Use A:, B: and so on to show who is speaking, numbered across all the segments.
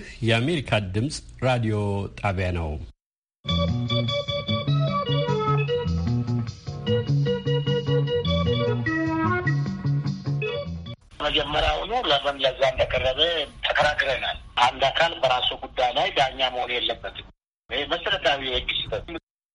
A: ይህ የአሜሪካ ድምፅ ራዲዮ ጣቢያ ነው።
B: መጀመሪያውኑ ለምን ለዛ እንደቀረበ ተከራክረናል። አንድ አካል በራሱ ጉዳይ ላይ ዳኛ መሆን የለበትም። መሰረታዊ የህግ ስህተት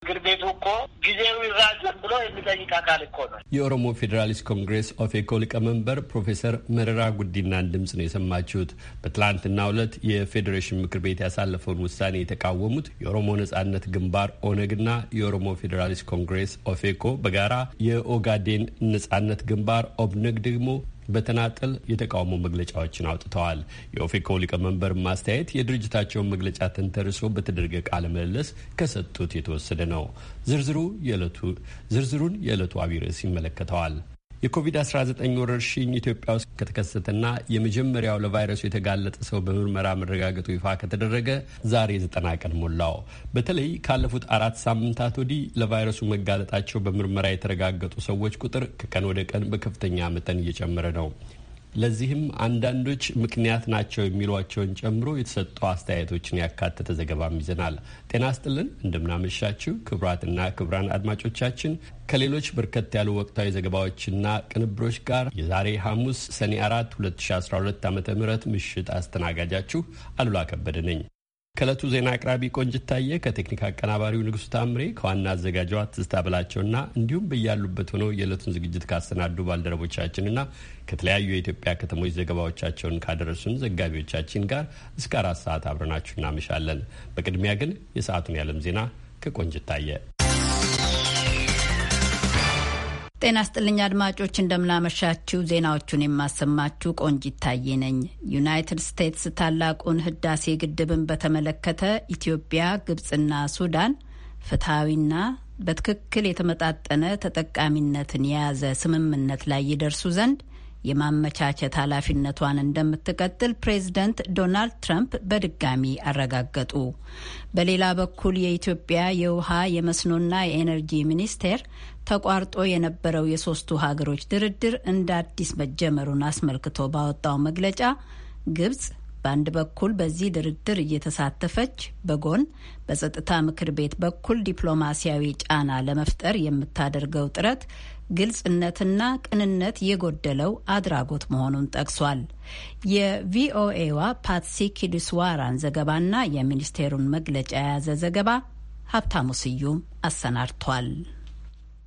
B: ምክር ቤቱ እኮ ጊዜው ይራዘም ብሎ የሚጠይቅ አካል እኮ ነው።
A: የኦሮሞ ፌዴራሊስት ኮንግሬስ ኦፌኮ ሊቀመንበር ፕሮፌሰር መረራ ጉዲናን ድምፅ ነው የሰማችሁት። በትላንትናው ዕለት የፌዴሬሽን ምክር ቤት ያሳለፈውን ውሳኔ የተቃወሙት የኦሮሞ ነጻነት ግንባር ኦነግና የኦሮሞ ፌዴራሊስት ኮንግሬስ ኦፌኮ በጋራ የኦጋዴን ነጻነት ግንባር ኦብነግ ደግሞ በተናጠል የተቃውሞ መግለጫዎችን አውጥተዋል። የኦፌኮ ሊቀመንበር ማስተያየት የድርጅታቸውን መግለጫ ተንተርሶ በተደረገ ቃለ ምልልስ ከሰጡት የተወሰደ ነው። ዝርዝሩን የዕለቱ አቢይ ርዕስ ይመለከተዋል። የኮቪድ-19 ወረርሽኝ ኢትዮጵያ ውስጥ ከተከሰተና የመጀመሪያው ለቫይረሱ የተጋለጠ ሰው በምርመራ መረጋገጡ ይፋ ከተደረገ ዛሬ ዘጠና ቀን ሞላው። በተለይ ካለፉት አራት ሳምንታት ወዲህ ለቫይረሱ መጋለጣቸው በምርመራ የተረጋገጡ ሰዎች ቁጥር ከቀን ወደ ቀን በከፍተኛ መጠን እየጨመረ ነው። ለዚህም አንዳንዶች ምክንያት ናቸው የሚሏቸውን ጨምሮ የተሰጡ አስተያየቶችን ያካተተ ዘገባም ይዘናል። ጤና ስጥልን እንደምናመሻችው ክቡራትና ክቡራን አድማጮቻችን ከሌሎች በርከት ያሉ ወቅታዊ ዘገባዎችና ቅንብሮች ጋር የዛሬ ሐሙስ ሰኔ 4 2012 ዓ ም ምሽት አስተናጋጃችሁ አሉላ ከበደ ነኝ። ከእለቱ ዜና አቅራቢ ቆንጅታየ፣ ከቴክኒክ አቀናባሪው ንጉሥ ታምሬ፣ ከዋና አዘጋጇ ትዝታ ብላቸውና እንዲሁም በያሉበት ሆነው የዕለቱን ዝግጅት ካሰናዱ ባልደረቦቻችንና ከተለያዩ የኢትዮጵያ ከተሞች ዘገባዎቻቸውን ካደረሱን ዘጋቢዎቻችን ጋር እስከ አራት ሰዓት አብረናችሁ እናመሻለን። በቅድሚያ ግን የሰዓቱን የዓለም ዜና ከቆንጅታየ
C: ጤና ስጥልኝ አድማጮች፣ እንደምናመሻችሁ። ዜናዎቹን የማሰማችሁ ቆንጂት ታዬ ነኝ። ዩናይትድ ስቴትስ ታላቁን ህዳሴ ግድብን በተመለከተ ኢትዮጵያ፣ ግብጽና ሱዳን ፍትሐዊና በትክክል የተመጣጠነ ተጠቃሚነትን የያዘ ስምምነት ላይ ይደርሱ ዘንድ የማመቻቸት ኃላፊነቷን እንደምትቀጥል ፕሬዝደንት ዶናልድ ትራምፕ በድጋሚ አረጋገጡ። በሌላ በኩል የኢትዮጵያ የውሃ የመስኖና የኤነርጂ ሚኒስቴር ተቋርጦ የነበረው የሶስቱ ሀገሮች ድርድር እንደ አዲስ መጀመሩን አስመልክቶ ባወጣው መግለጫ ግብጽ በአንድ በኩል በዚህ ድርድር እየተሳተፈች በጎን በጸጥታ ምክር ቤት በኩል ዲፕሎማሲያዊ ጫና ለመፍጠር የምታደርገው ጥረት ግልጽነትና ቅንነት የጎደለው አድራጎት መሆኑን ጠቅሷል። የቪኦኤዋ ፓትሲ ኪዱስዋራን ዘገባና የሚኒስቴሩን መግለጫ የያዘ ዘገባ ሀብታሙ ስዩም አሰናድቷል።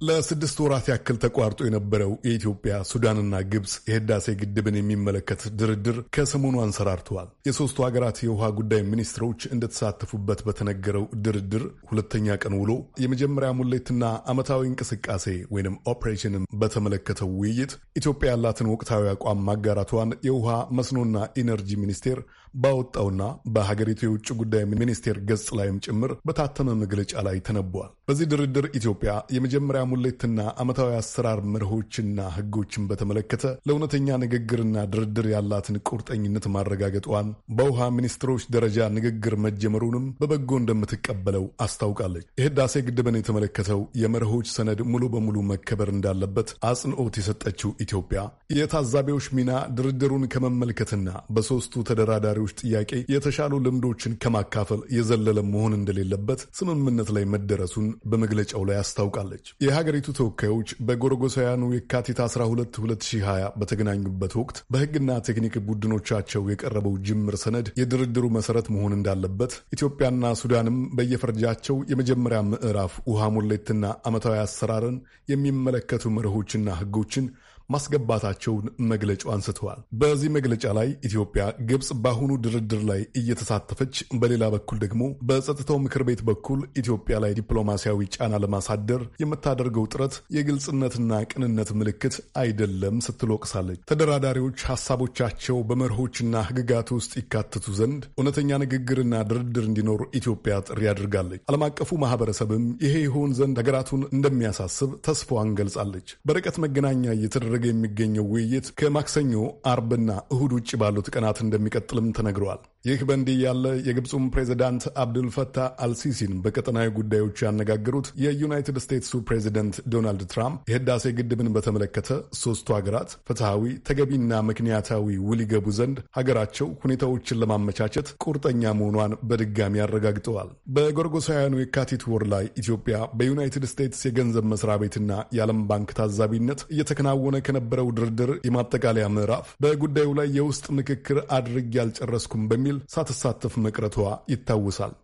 D: ለስድስት ወራት ያክል ተቋርጦ የነበረው የኢትዮጵያ ሱዳንና ግብፅ የህዳሴ ግድብን የሚመለከት ድርድር ከሰሞኑ አንሰራርተዋል። የሦስቱ ሀገራት የውሃ ጉዳይ ሚኒስትሮች እንደተሳተፉበት በተነገረው ድርድር ሁለተኛ ቀን ውሎ የመጀመሪያ ሙሌትና ዓመታዊ እንቅስቃሴ ወይም ኦፕሬሽንን በተመለከተው ውይይት ኢትዮጵያ ያላትን ወቅታዊ አቋም ማጋራቷን የውሃ መስኖና ኢነርጂ ሚኒስቴር ባወጣውና በሀገሪቱ የውጭ ጉዳይ ሚኒስቴር ገጽ ላይም ጭምር በታተመ መግለጫ ላይ ተነቧል። በዚህ ድርድር ኢትዮጵያ የመጀመሪያ ሙሌትና ዓመታዊ አሰራር መርሆችና ሕጎችን በተመለከተ ለእውነተኛ ንግግርና ድርድር ያላትን ቁርጠኝነት ማረጋገጧን፣ በውሃ ሚኒስትሮች ደረጃ ንግግር መጀመሩንም በበጎ እንደምትቀበለው አስታውቃለች። የህዳሴ ግድብን የተመለከተው የመርሆች ሰነድ ሙሉ በሙሉ መከበር እንዳለበት አጽንኦት የሰጠችው ኢትዮጵያ የታዛቢዎች ሚና ድርድሩን ከመመልከትና በሦስቱ ተደራዳሪዎች ተማሪዎች ጥያቄ የተሻሉ ልምዶችን ከማካፈል የዘለለ መሆን እንደሌለበት ስምምነት ላይ መደረሱን በመግለጫው ላይ አስታውቃለች። የሀገሪቱ ተወካዮች በጎረጎሳውያኑ የካቲት 12 2020 በተገናኙበት ወቅት በህግና ቴክኒክ ቡድኖቻቸው የቀረበው ጅምር ሰነድ የድርድሩ መሰረት መሆን እንዳለበት ኢትዮጵያና ሱዳንም በየፈርጃቸው የመጀመሪያ ምዕራፍ ውሃ ሙሌትና ዓመታዊ አሰራርን የሚመለከቱ መርሆችና ህጎችን ማስገባታቸውን መግለጫው አንስተዋል። በዚህ መግለጫ ላይ ኢትዮጵያ ግብፅ በአሁኑ ድርድር ላይ እየተሳተፈች፣ በሌላ በኩል ደግሞ በጸጥታው ምክር ቤት በኩል ኢትዮጵያ ላይ ዲፕሎማሲያዊ ጫና ለማሳደር የምታደርገው ጥረት የግልጽነትና ቅንነት ምልክት አይደለም ስትል ወቅሳለች። ተደራዳሪዎች ሀሳቦቻቸው በመርሆችና ህግጋት ውስጥ ይካተቱ ዘንድ እውነተኛ ንግግርና ድርድር እንዲኖር ኢትዮጵያ ጥሪ አድርጋለች። ዓለም አቀፉ ማህበረሰብም ይሄ ይሆን ዘንድ ሀገራቱን እንደሚያሳስብ ተስፋዋን ገልጻለች። በርቀት መገናኛ እየተደረ እየተደረገ የሚገኘው ውይይት ከማክሰኞ አርብና እሁድ ውጭ ባሉት ቀናት እንደሚቀጥልም ተነግረዋል። ይህ በእንዲህ ያለ የግብፁም ፕሬዚዳንት አብዱልፈታህ አልሲሲን በቀጠናዊ ጉዳዮች ያነጋገሩት የዩናይትድ ስቴትሱ ፕሬዚደንት ዶናልድ ትራምፕ የህዳሴ ግድብን በተመለከተ ሶስቱ ሀገራት ፍትሐዊ፣ ተገቢና ምክንያታዊ ውል ይገቡ ዘንድ ሀገራቸው ሁኔታዎችን ለማመቻቸት ቁርጠኛ መሆኗን በድጋሚ አረጋግጠዋል። በጎርጎሳውያኑ የካቲት ወር ላይ ኢትዮጵያ በዩናይትድ ስቴትስ የገንዘብ መስሪያ ቤትና የዓለም ባንክ ታዛቢነት እየተከናወነ ከነበረው ድርድር የማጠቃለያ ምዕራፍ በጉዳዩ ላይ የውስጥ ምክክር አድርግ ያልጨረስኩም በሚል ትግል ሳትሳተፍ መቅረቷ ይታወሳል።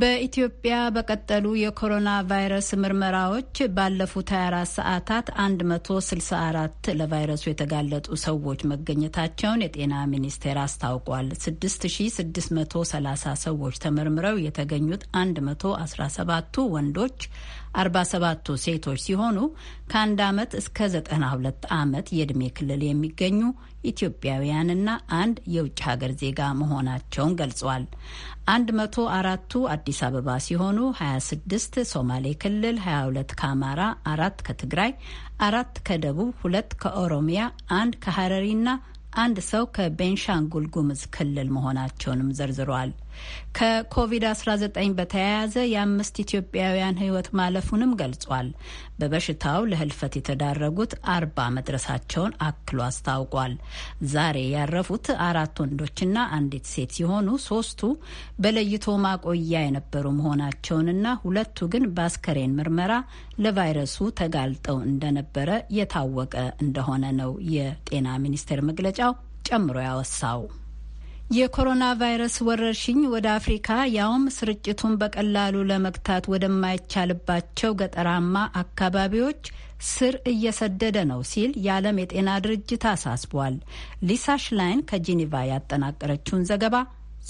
C: በኢትዮጵያ በቀጠሉ የኮሮና ቫይረስ ምርመራዎች ባለፉት 24 ሰዓታት 164 ለቫይረሱ የተጋለጡ ሰዎች መገኘታቸውን የጤና ሚኒስቴር አስታውቋል። 6630 ሰዎች ተመርምረው የተገኙት 117ቱ ወንዶች፣ 47ቱ ሴቶች ሲሆኑ ከአንድ ዓመት እስከ 92 ዓመት የዕድሜ ክልል የሚገኙ ኢትዮጵያውያንና አንድ የውጭ ሀገር ዜጋ መሆናቸውን ገልጿል። አንድ መቶ አራቱ አዲስ አበባ ሲሆኑ 26 ሶማሌ ክልል፣ 22 ከአማራ፣ አራት ከትግራይ፣ አራት ከደቡብ፣ ሁለት ከኦሮሚያ፣ አንድ ከሐረሪና አንድ ሰው ከቤንሻንጉል ጉምዝ ክልል መሆናቸውንም ዘርዝሯል። ከኮቪድ-19 በተያያዘ የአምስት ኢትዮጵያውያን ህይወት ማለፉንም ገልጿል። በበሽታው ለህልፈት የተዳረጉት አርባ መድረሳቸውን አክሎ አስታውቋል። ዛሬ ያረፉት አራት ወንዶችና አንዲት ሴት ሲሆኑ ሶስቱ በለይቶ ማቆያ የነበሩ መሆናቸውንና ሁለቱ ግን በአስከሬን ምርመራ ለቫይረሱ ተጋልጠው እንደነበረ የታወቀ እንደሆነ ነው የጤና ሚኒስቴር መግለጫው ጨምሮ ያወሳው። የኮሮና ቫይረስ ወረርሽኝ ወደ አፍሪካ ያውም ስርጭቱን በቀላሉ ለመግታት ወደማይቻልባቸው ገጠራማ አካባቢዎች ስር እየሰደደ ነው ሲል የዓለም የጤና ድርጅት አሳስቧል። ሊሳ ሽላይን ከጄኔቫ ያጠናቀረችውን ዘገባ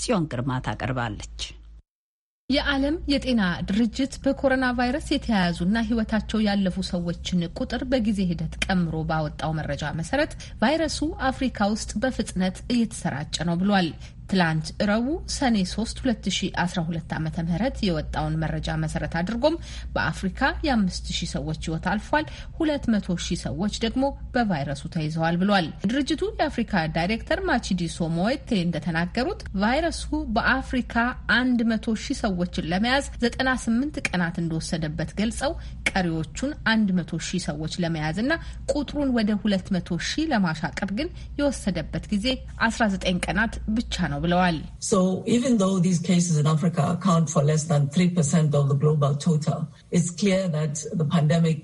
C: ጽዮን ግርማ ታቀርባለች።
E: የዓለም የጤና ድርጅት በኮሮና ቫይረስ የተያያዙና ሕይወታቸው ያለፉ ሰዎችን ቁጥር በጊዜ ሂደት ቀምሮ ባወጣው መረጃ መሰረት ቫይረሱ አፍሪካ ውስጥ በፍጥነት እየተሰራጨ ነው ብሏል። ትላንት ረቡ ሰኔ 3 2012 ዓ ም የወጣውን መረጃ መሰረት አድርጎም በአፍሪካ የ5000 ሰዎች ህይወት አልፏል፣ 200000 ሰዎች ደግሞ በቫይረሱ ተይዘዋል ብሏል። ድርጅቱ የአፍሪካ ዳይሬክተር ማቺዲሶ ሞዌቴ እንደተናገሩት ቫይረሱ በአፍሪካ 100000 ሰዎችን ለመያዝ 98 ቀናት እንደወሰደበት ገልጸው ቀሪዎቹን 100000 ሰዎች ለመያዝ እና ቁጥሩን ወደ 200000 ለማሻቀብ ግን የወሰደበት ጊዜ 19 ቀናት
C: ብቻ ነው ነው ብለዋል።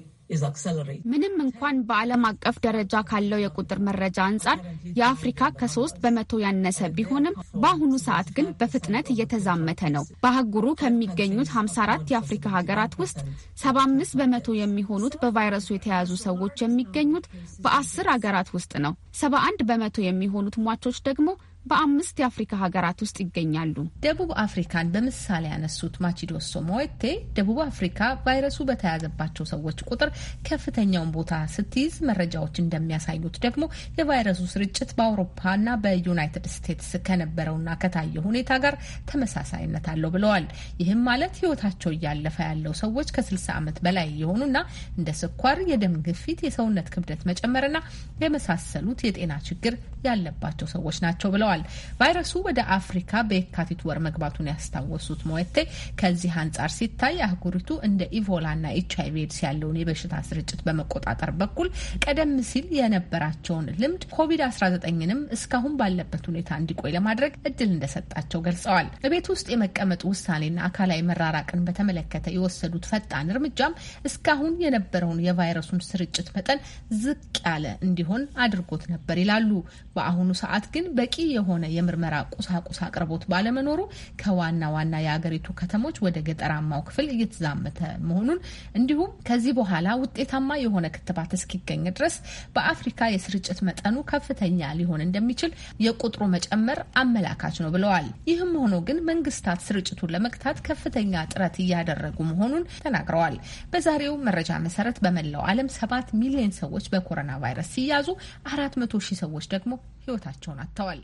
E: ምንም እንኳን በዓለም አቀፍ ደረጃ ካለው የቁጥር መረጃ አንጻር የአፍሪካ ከሶስት በመቶ ያነሰ ቢሆንም በአሁኑ ሰዓት ግን በፍጥነት እየተዛመተ ነው። በአህጉሩ ከሚገኙት 54 የአፍሪካ ሀገራት ውስጥ 75 በመቶ የሚሆኑት በቫይረሱ የተያዙ ሰዎች የሚገኙት በአስር ሀገራት ውስጥ ነው። 71 በመቶ የሚሆኑት ሟቾች ደግሞ በአምስት የአፍሪካ ሀገራት ውስጥ ይገኛሉ። ደቡብ አፍሪካን በምሳሌ ያነሱት ማቺዶሶ ሞቴ ደቡብ አፍሪካ ቫይረሱ በተያዘባቸው ሰዎች ቁጥር ከፍተኛውን ቦታ ስትይዝ መረጃዎች እንደሚያሳዩት ደግሞ የቫይረሱ ስርጭት በአውሮፓና በዩናይትድ ስቴትስ ከነበረውና ከታየው ሁኔታ ጋር ተመሳሳይነት አለው ብለዋል። ይህም ማለት ህይወታቸው እያለፈ ያለው ሰዎች ከ60 ዓመት በላይ የሆኑና እንደ ስኳር፣ የደም ግፊት፣ የሰውነት ክብደት መጨመርና የመሳሰሉት የጤና ችግር ያለባቸው ሰዎች ናቸው ብለዋል። ገልጸዋል። ቫይረሱ ወደ አፍሪካ በየካቲት ወር መግባቱን ያስታወሱት ሞቴ ከዚህ አንጻር ሲታይ አህጉሪቱ እንደ ኢቮላና ኤች አይቪ ኤድስ ያለውን የበሽታ ስርጭት በመቆጣጠር በኩል ቀደም ሲል የነበራቸውን ልምድ ኮቪድ-19ንም እስካሁን ባለበት ሁኔታ እንዲቆይ ለማድረግ እድል እንደሰጣቸው ገልጸዋል። በቤት ውስጥ የመቀመጥ ውሳኔና አካላዊ መራራቅን በተመለከተ የወሰዱት ፈጣን እርምጃም እስካሁን የነበረውን የቫይረሱን ስርጭት መጠን ዝቅ ያለ እንዲሆን አድርጎት ነበር ይላሉ። በአሁኑ ሰዓት ግን በቂ የሆነ የምርመራ ቁሳቁስ አቅርቦት ባለመኖሩ ከዋና ዋና የአገሪቱ ከተሞች ወደ ገጠራማው ክፍል እየተዛመተ መሆኑን እንዲሁም ከዚህ በኋላ ውጤታማ የሆነ ክትባት እስኪገኝ ድረስ በአፍሪካ የስርጭት መጠኑ ከፍተኛ ሊሆን እንደሚችል የቁጥሩ መጨመር አመላካች ነው ብለዋል። ይህም ሆኖ ግን መንግስታት ስርጭቱን ለመግታት ከፍተኛ ጥረት እያደረጉ መሆኑን ተናግረዋል። በዛሬው መረጃ መሰረት በመላው ዓለም ሰባት ሚሊዮን ሰዎች በኮሮና ቫይረስ ሲያዙ አራት መቶ ሺህ ሰዎች ደግሞ ህይወታቸውን
C: አጥተዋል።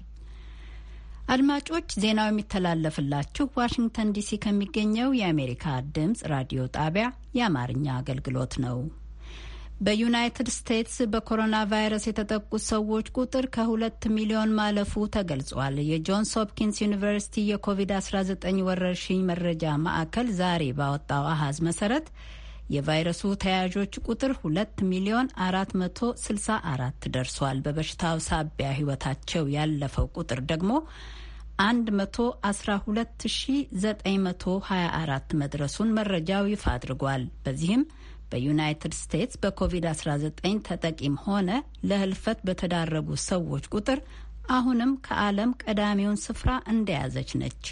C: አድማጮች ዜናው የሚተላለፍላችሁ ዋሽንግተን ዲሲ ከሚገኘው የአሜሪካ ድምፅ ራዲዮ ጣቢያ የአማርኛ አገልግሎት ነው። በዩናይትድ ስቴትስ በኮሮና ቫይረስ የተጠቁት ሰዎች ቁጥር ከሁለት ሚሊዮን ማለፉ ተገልጿል። የጆንስ ሆፕኪንስ ዩኒቨርሲቲ የኮቪድ-19 ወረርሽኝ መረጃ ማዕከል ዛሬ ባወጣው አሃዝ መሰረት የቫይረሱ ተያያዦች ቁጥር ሁለት ሚሊዮን አራት መቶ ስልሳ አራት ደርሷል። በበሽታው ሳቢያ ሕይወታቸው ያለፈው ቁጥር ደግሞ 112924 መድረሱን መረጃው ይፋ አድርጓል። በዚህም በዩናይትድ ስቴትስ በኮቪድ-19 ተጠቂም ሆነ ለህልፈት በተዳረጉ ሰዎች ቁጥር አሁንም ከዓለም ቀዳሚውን ስፍራ እንደያዘች ነች።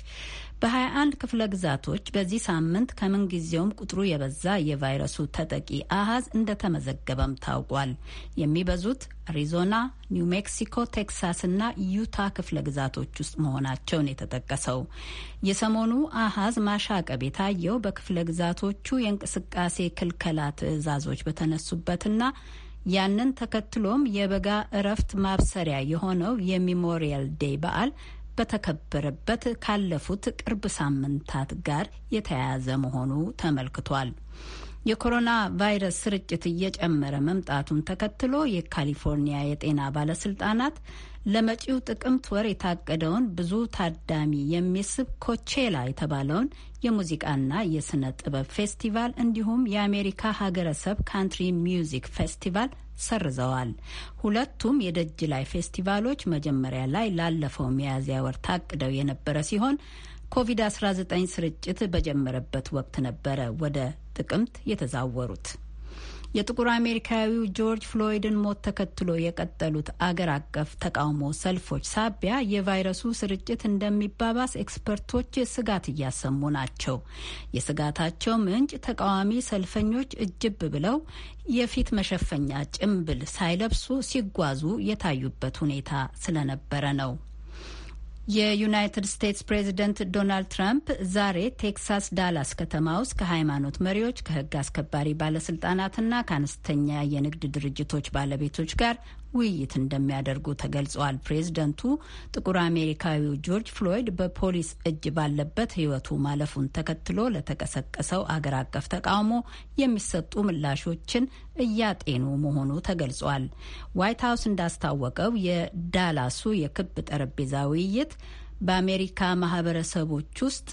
C: በ21 ክፍለ ግዛቶች በዚህ ሳምንት ከምንጊዜውም ቁጥሩ የበዛ የቫይረሱ ተጠቂ አሃዝ እንደተመዘገበም ታውቋል። የሚበዙት አሪዞና፣ ኒው ሜክሲኮ፣ ቴክሳስ እና ዩታ ክፍለ ግዛቶች ውስጥ መሆናቸውን የተጠቀሰው የሰሞኑ አሃዝ ማሻቀብ የታየው በክፍለ ግዛቶቹ የእንቅስቃሴ ክልከላ ትዕዛዞች በተነሱበትና ያንን ተከትሎም የበጋ እረፍት ማብሰሪያ የሆነው የሚሞሪያል ዴይ በዓል በተከበረበት ካለፉት ቅርብ ሳምንታት ጋር የተያያዘ መሆኑ ተመልክቷል። የኮሮና ቫይረስ ስርጭት እየጨመረ መምጣቱን ተከትሎ የካሊፎርኒያ የጤና ባለስልጣናት ለመጪው ጥቅምት ወር የታቀደውን ብዙ ታዳሚ የሚስብ ኮቼላ የተባለውን የሙዚቃና የስነ ጥበብ ፌስቲቫል እንዲሁም የአሜሪካ ሀገረሰብ ካንትሪ ሚውዚክ ፌስቲቫል ሰርዘዋል። ሁለቱም የደጅ ላይ ፌስቲቫሎች መጀመሪያ ላይ ላለፈው ሚያዝያ ወር ታቅደው የነበረ ሲሆን ኮቪድ-19 ስርጭት በጀመረበት ወቅት ነበረ ወደ ጥቅምት የተዛወሩት። የጥቁር አሜሪካዊው ጆርጅ ፍሎይድን ሞት ተከትሎ የቀጠሉት አገር አቀፍ ተቃውሞ ሰልፎች ሳቢያ የቫይረሱ ስርጭት እንደሚባባስ ኤክስፐርቶች ስጋት እያሰሙ ናቸው። የስጋታቸው ምንጭ ተቃዋሚ ሰልፈኞች እጅብ ብለው የፊት መሸፈኛ ጭምብል ሳይለብሱ ሲጓዙ የታዩበት ሁኔታ ስለነበረ ነው። የዩናይትድ ስቴትስ ፕሬዚደንት ዶናልድ ትራምፕ ዛሬ ቴክሳስ ዳላስ ከተማ ውስጥ ከሃይማኖት መሪዎች፣ ከህግ አስከባሪ ባለስልጣናትና ከአነስተኛ የንግድ ድርጅቶች ባለቤቶች ጋር ውይይት እንደሚያደርጉ ተገልጿል። ፕሬዝደንቱ ጥቁር አሜሪካዊው ጆርጅ ፍሎይድ በፖሊስ እጅ ባለበት ሕይወቱ ማለፉን ተከትሎ ለተቀሰቀሰው አገር አቀፍ ተቃውሞ የሚሰጡ ምላሾችን እያጤኑ መሆኑ ተገልጿል። ዋይት ሀውስ እንዳስታወቀው የዳላሱ የክብ ጠረጴዛ ውይይት በአሜሪካ ማህበረሰቦች ውስጥ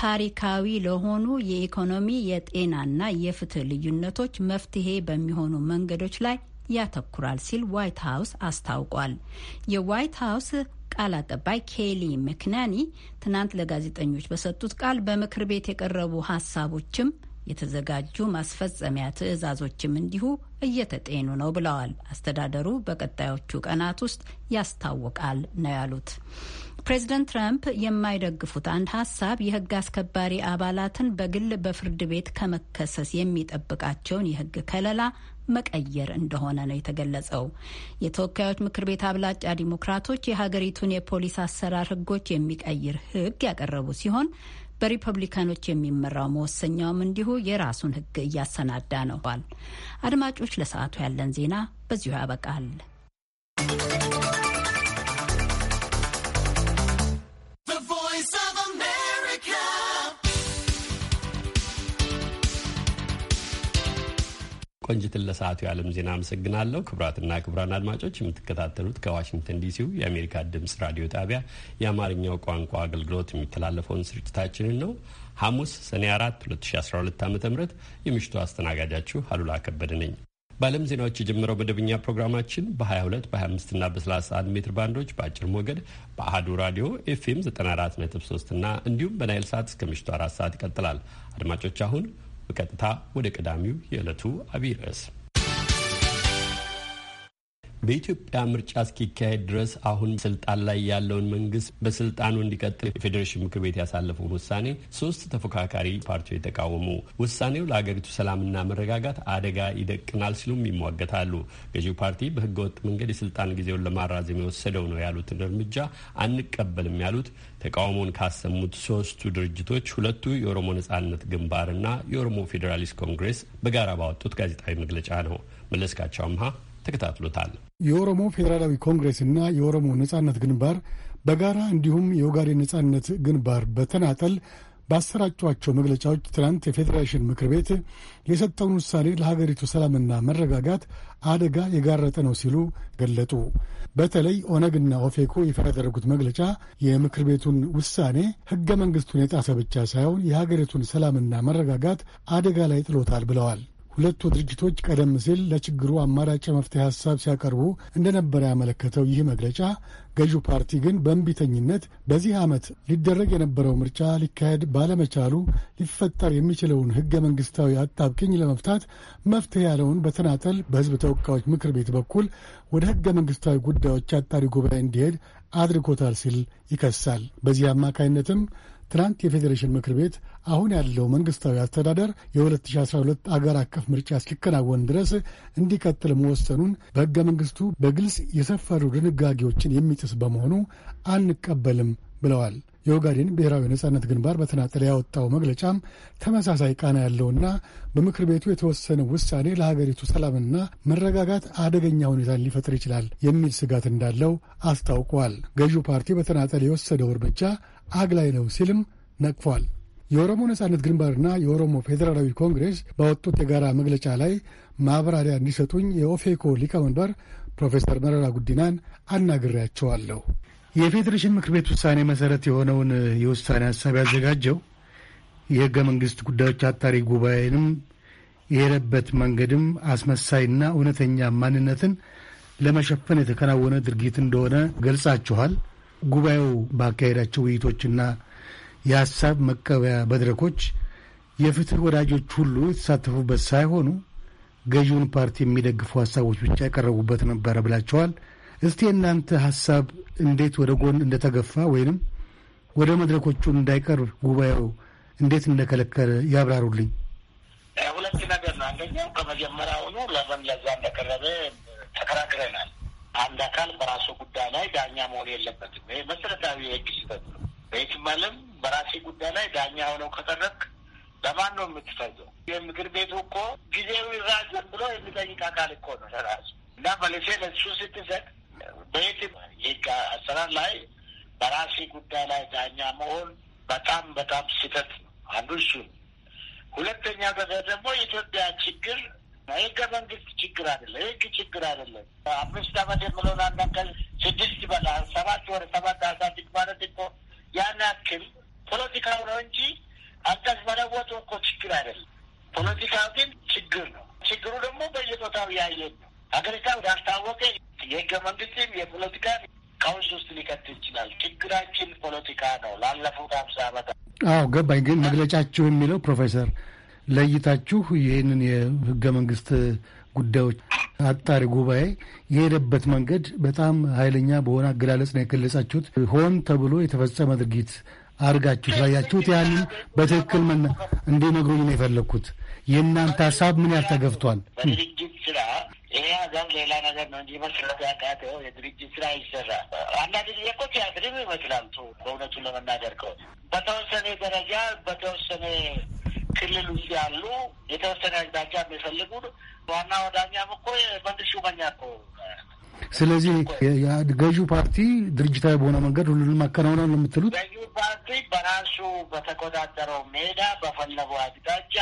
C: ታሪካዊ ለሆኑ የኢኮኖሚ የጤናና የፍትህ ልዩነቶች መፍትሄ በሚሆኑ መንገዶች ላይ ያተኩራል ሲል ዋይት ሀውስ አስታውቋል። የዋይት ሀውስ ቃል አቀባይ ኬሊ መክናኒ ትናንት ለጋዜጠኞች በሰጡት ቃል በምክር ቤት የቀረቡ ሀሳቦችም የተዘጋጁ ማስፈጸሚያ ትዕዛዞችም እንዲሁ እየተጤኑ ነው ብለዋል። አስተዳደሩ በቀጣዮቹ ቀናት ውስጥ ያስታውቃል ነው ያሉት። ፕሬዚደንት ትራምፕ የማይደግፉት አንድ ሀሳብ የህግ አስከባሪ አባላትን በግል በፍርድ ቤት ከመከሰስ የሚጠብቃቸውን የህግ ከለላ መቀየር እንደሆነ ነው የተገለጸው። የተወካዮች ምክር ቤት አብላጫ ዲሞክራቶች የሀገሪቱን የፖሊስ አሰራር ህጎች የሚቀይር ህግ ያቀረቡ ሲሆን በሪፐብሊካኖች የሚመራው መወሰኛውም እንዲሁ የራሱን ህግ እያሰናዳ ነው። አድማጮች፣ ለሰዓቱ ያለን ዜና በዚሁ ያበቃል።
A: ቆንጅትን ለሰዓቱ የዓለም ዜና አመሰግናለሁ። ክቡራትና ክቡራን አድማጮች የምትከታተሉት ከዋሽንግተን ዲሲው የአሜሪካ ድምፅ ራዲዮ ጣቢያ የአማርኛው ቋንቋ አገልግሎት የሚተላለፈውን ስርጭታችንን ነው። ሐሙስ ሰኔ 4 2012 ዓ ም የምሽቱ አስተናጋጃችሁ አሉላ ከበደ ነኝ። በዓለም ዜናዎች የጀመረው መደበኛ ፕሮግራማችን በ22 በ25 እና በ31 ሜትር ባንዶች በአጭር ሞገድ በአህዱ ራዲዮ ኤፍኤም 94.3 እና እንዲሁም በናይል ሰዓት እስከ ምሽቱ አራት ሰዓት ይቀጥላል። አድማጮች አሁን በቀጥታ ወደ ቀዳሚው የዕለቱ አብይ ርዕስ በኢትዮጵያ ምርጫ እስኪካሄድ ድረስ አሁን ስልጣን ላይ ያለውን መንግስት በስልጣኑ እንዲቀጥል የፌዴሬሽን ምክር ቤት ያሳለፈውን ውሳኔ ሶስት ተፎካካሪ ፓርቲዎች የተቃወሙ፣ ውሳኔው ለአገሪቱ ሰላምና መረጋጋት አደጋ ይደቅናል ሲሉም ይሟገታሉ። ገዢው ፓርቲ በህገወጥ መንገድ የስልጣን ጊዜውን ለማራዘም የወሰደው ነው ያሉትን እርምጃ አንቀበልም ያሉት ተቃውሞውን ካሰሙት ሶስቱ ድርጅቶች ሁለቱ የኦሮሞ ነጻነት ግንባርና የኦሮሞ ፌዴራሊስት ኮንግሬስ በጋራ ባወጡት ጋዜጣዊ መግለጫ ነው። መለስካቸው አምሃ ተከታትሎታል።
F: የኦሮሞ ፌዴራላዊ ኮንግሬስና የኦሮሞ ነጻነት ግንባር በጋራ እንዲሁም የኦጋዴን ነጻነት ግንባር በተናጠል ባሰራጯቸው መግለጫዎች ትናንት የፌዴሬሽን ምክር ቤት የሰጠውን ውሳኔ ለሀገሪቱ ሰላምና መረጋጋት አደጋ የጋረጠ ነው ሲሉ ገለጡ። በተለይ ኦነግና ኦፌኮ ይፋ ያደረጉት መግለጫ የምክር ቤቱን ውሳኔ ሕገ መንግሥቱን የጣሰ ብቻ ሳይሆን የሀገሪቱን ሰላምና መረጋጋት አደጋ ላይ ጥሎታል ብለዋል። ሁለቱ ድርጅቶች ቀደም ሲል ለችግሩ አማራጭ መፍትሄ ሀሳብ ሲያቀርቡ እንደነበረ ያመለከተው ይህ መግለጫ ገዢው ፓርቲ ግን በእምቢተኝነት በዚህ ዓመት ሊደረግ የነበረው ምርጫ ሊካሄድ ባለመቻሉ ሊፈጠር የሚችለውን ሕገ መንግሥታዊ አጣብቅኝ ለመፍታት መፍትሄ ያለውን በተናጠል በሕዝብ ተወካዮች ምክር ቤት በኩል ወደ ሕገ መንግሥታዊ ጉዳዮች አጣሪ ጉባኤ እንዲሄድ አድርጎታል ሲል ይከሳል። በዚህ አማካይነትም ትናንት የፌዴሬሽን ምክር ቤት አሁን ያለው መንግስታዊ አስተዳደር የ2012 አገር አቀፍ ምርጫ እስኪከናወን ድረስ እንዲቀጥል መወሰኑን በሕገ መንግስቱ በግልጽ የሰፈሩ ድንጋጌዎችን የሚጥስ በመሆኑ አንቀበልም ብለዋል። የኦጋዴን ብሔራዊ ነጻነት ግንባር በተናጠል ያወጣው መግለጫም ተመሳሳይ ቃና ያለውና በምክር ቤቱ የተወሰነ ውሳኔ ለሀገሪቱ ሰላምና መረጋጋት አደገኛ ሁኔታን ሊፈጥር ይችላል የሚል ስጋት እንዳለው አስታውቋል። ገዢው ፓርቲ በተናጠል የወሰደው እርምጃ አግላይ ነው ሲልም ነቅፏል። የኦሮሞ ነጻነት ግንባርና የኦሮሞ ፌዴራላዊ ኮንግሬስ ባወጡት የጋራ መግለጫ ላይ ማብራሪያ እንዲሰጡኝ የኦፌኮ ሊቀመንበር ፕሮፌሰር መረራ ጉዲናን አናግሬያቸዋለሁ። የፌዴሬሽን ምክር ቤት ውሳኔ መሰረት የሆነውን የውሳኔ ሀሳብ ያዘጋጀው የህገ መንግስት ጉዳዮች አጣሪ ጉባኤንም የሄደበት መንገድም አስመሳይና እውነተኛ ማንነትን ለመሸፈን የተከናወነ ድርጊት እንደሆነ ገልጻችኋል። ጉባኤው ባካሄዳቸው ውይይቶችና የሀሳብ መቀበያ መድረኮች የፍትህ ወዳጆች ሁሉ የተሳተፉበት ሳይሆኑ ገዢውን ፓርቲ የሚደግፉ ሀሳቦች ብቻ ያቀረቡበት ነበረ ብላቸዋል። እስቲ እናንተ ሀሳብ እንዴት ወደ ጎን እንደተገፋ ወይንም ወደ መድረኮቹ እንዳይቀርብ ጉባኤው እንዴት እንደከለከለ ያብራሩልኝ። ሁለት ነገር
B: ነው። አንደኛው ከመጀመሪያውኑ ለምን ለዛ እንደቀረበ ተከራክረናል። አንድ አካል በራሱ ጉዳይ ላይ ዳኛ መሆን የለበትም። ይህ መሰረታዊ የህግ ስህተት ነው። በየትም ዓለም በራሴ ጉዳይ ላይ ዳኛ ሆነው ከጠረቅ ለማን ነው የምትፈርደው? የምክር ቤቱ እኮ ጊዜው ይራዘም ብሎ የሚጠይቅ አካል እኮ ነው ለራሱ እና መልሴ ለሱ ስትሰጥ በየትም የህግ አሰራር ላይ በራሴ ጉዳይ ላይ ዳኛ መሆን በጣም በጣም ስህተት ነው። አንዱ እሱ ሁለተኛ ገዛ ደግሞ የኢትዮጵያ ችግር የህገ መንግስት ችግር አይደለም፣ የህግ ችግር አይደለም። አምስት አመት የምለውን አንዳንድ ስድስት በላ ሰባት ወር ሰባት አሳድግ ማለት እኮ ያን ያክል ፖለቲካው ነው እንጂ አንቀጽ መለወጡ እኮ ችግር አይደለም። ፖለቲካው ግን ችግር ነው። ችግሩ ደግሞ በየቦታው ያየን ነው። ሀገሪቷ ያስታወቀ የህገ መንግስትም የፖለቲካ
F: ቀውስ ውስጥ ሊከት ይችላል። ችግራችን ፖለቲካ ነው ላለፉት ሀምሳ አመታት። አዎ ገባኝ። ግን መግለጫችሁ የሚለው ፕሮፌሰር ለይታችሁ ይህንን የህገ መንግስት ጉዳዮች አጣሪ ጉባኤ የሄደበት መንገድ በጣም ኃይለኛ በሆነ አገላለጽ ነው የገለጻችሁት። ሆን ተብሎ የተፈጸመ ድርጊት አድርጋችሁ ስላያችሁት ያንን በትክክል መና እንዲነግሩኝ ነው የፈለግኩት። የእናንተ ሀሳብ ምን ያህል ተገፍቷል? በድርጅት ስራ ይሄ ሀገር ሌላ ነገር ነው እንዲመስለት
B: መስራት ያቃተው የድርጅት ስራ ይሰራ አንዳንድ ጊዜ እኮ ቲያትርም ይመስላል። በእውነቱ ለመናገር ከሆነ በተወሰነ ደረጃ በተወሰነ ክልል ውስጥ ያሉ የተወሰነ አቅጣጫ የሚፈልጉ ዋና ወዳኛም እኮ መንግስት ሹመኛ እኮ።
F: ስለዚህ ገዢው ፓርቲ ድርጅታዊ በሆነ መንገድ ሁሉንም አከናውናል ነው የምትሉት? ገዢው
B: ፓርቲ በራሱ በተቆጣጠረው ሜዳ በፈለገው አቅጣጫ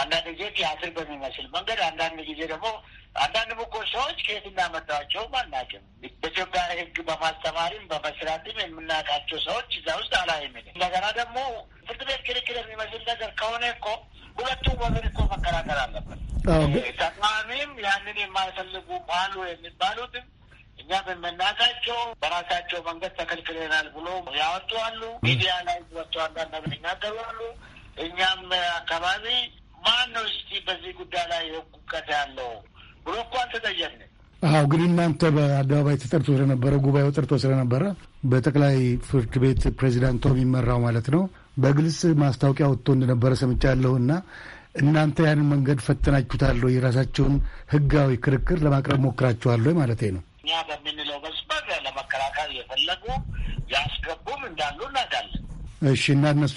B: አንዳንድ ጊዜ ቲያትር በሚመስል መንገድ፣ አንዳንድ ጊዜ ደግሞ አንዳንድ ምኮ ሰዎች ከየት እናመጣቸውም አናውቅም። በኢትዮጵያ ሕግ በማስተማሪም በመስራትም የምናውቃቸው ሰዎች እዛ ውስጥ አላይምን። እንደገና ደግሞ ፍርድ ቤት ክርክር የሚመስል ነገር ከሆነ እኮ ሁለቱም ወገን እኮ መከራከር አለበት። ተቃዋሚም ያንን የማይፈልጉ አሉ የሚባሉትም እኛ በመናቃቸው በራሳቸው መንገድ ተከልክለናል ብሎ ያወጡ አሉ። ሚዲያ ላይ ወጥቶ አንዳንድ ነገር ይናገሩ አሉ። እኛም አካባቢ ማን ነው እስቲ በዚህ ጉዳይ ላይ እውቀት ያለው ብሎ እንኳን
F: ተጠየቅን። አዎ ግን እናንተ በአደባባይ ተጠርቶ ስለነበረ ጉባኤው ጠርቶ ስለነበረ በጠቅላይ ፍርድ ቤት ፕሬዚዳንቶ የሚመራው ማለት ነው በግልጽ ማስታወቂያ ወጥቶ እንደነበረ ሰምቻለሁ እና እናንተ ያንን መንገድ ፈተናችሁታለሁ የራሳቸውን ህጋዊ ክርክር ለማቅረብ ሞክራችኋለሁ ማለት ነው? እኛ በምንለው መስበር
B: ለመከላከል የፈለጉ ያስገቡም
F: እንዳሉ እናውቃለን። እሺ እና እነሱ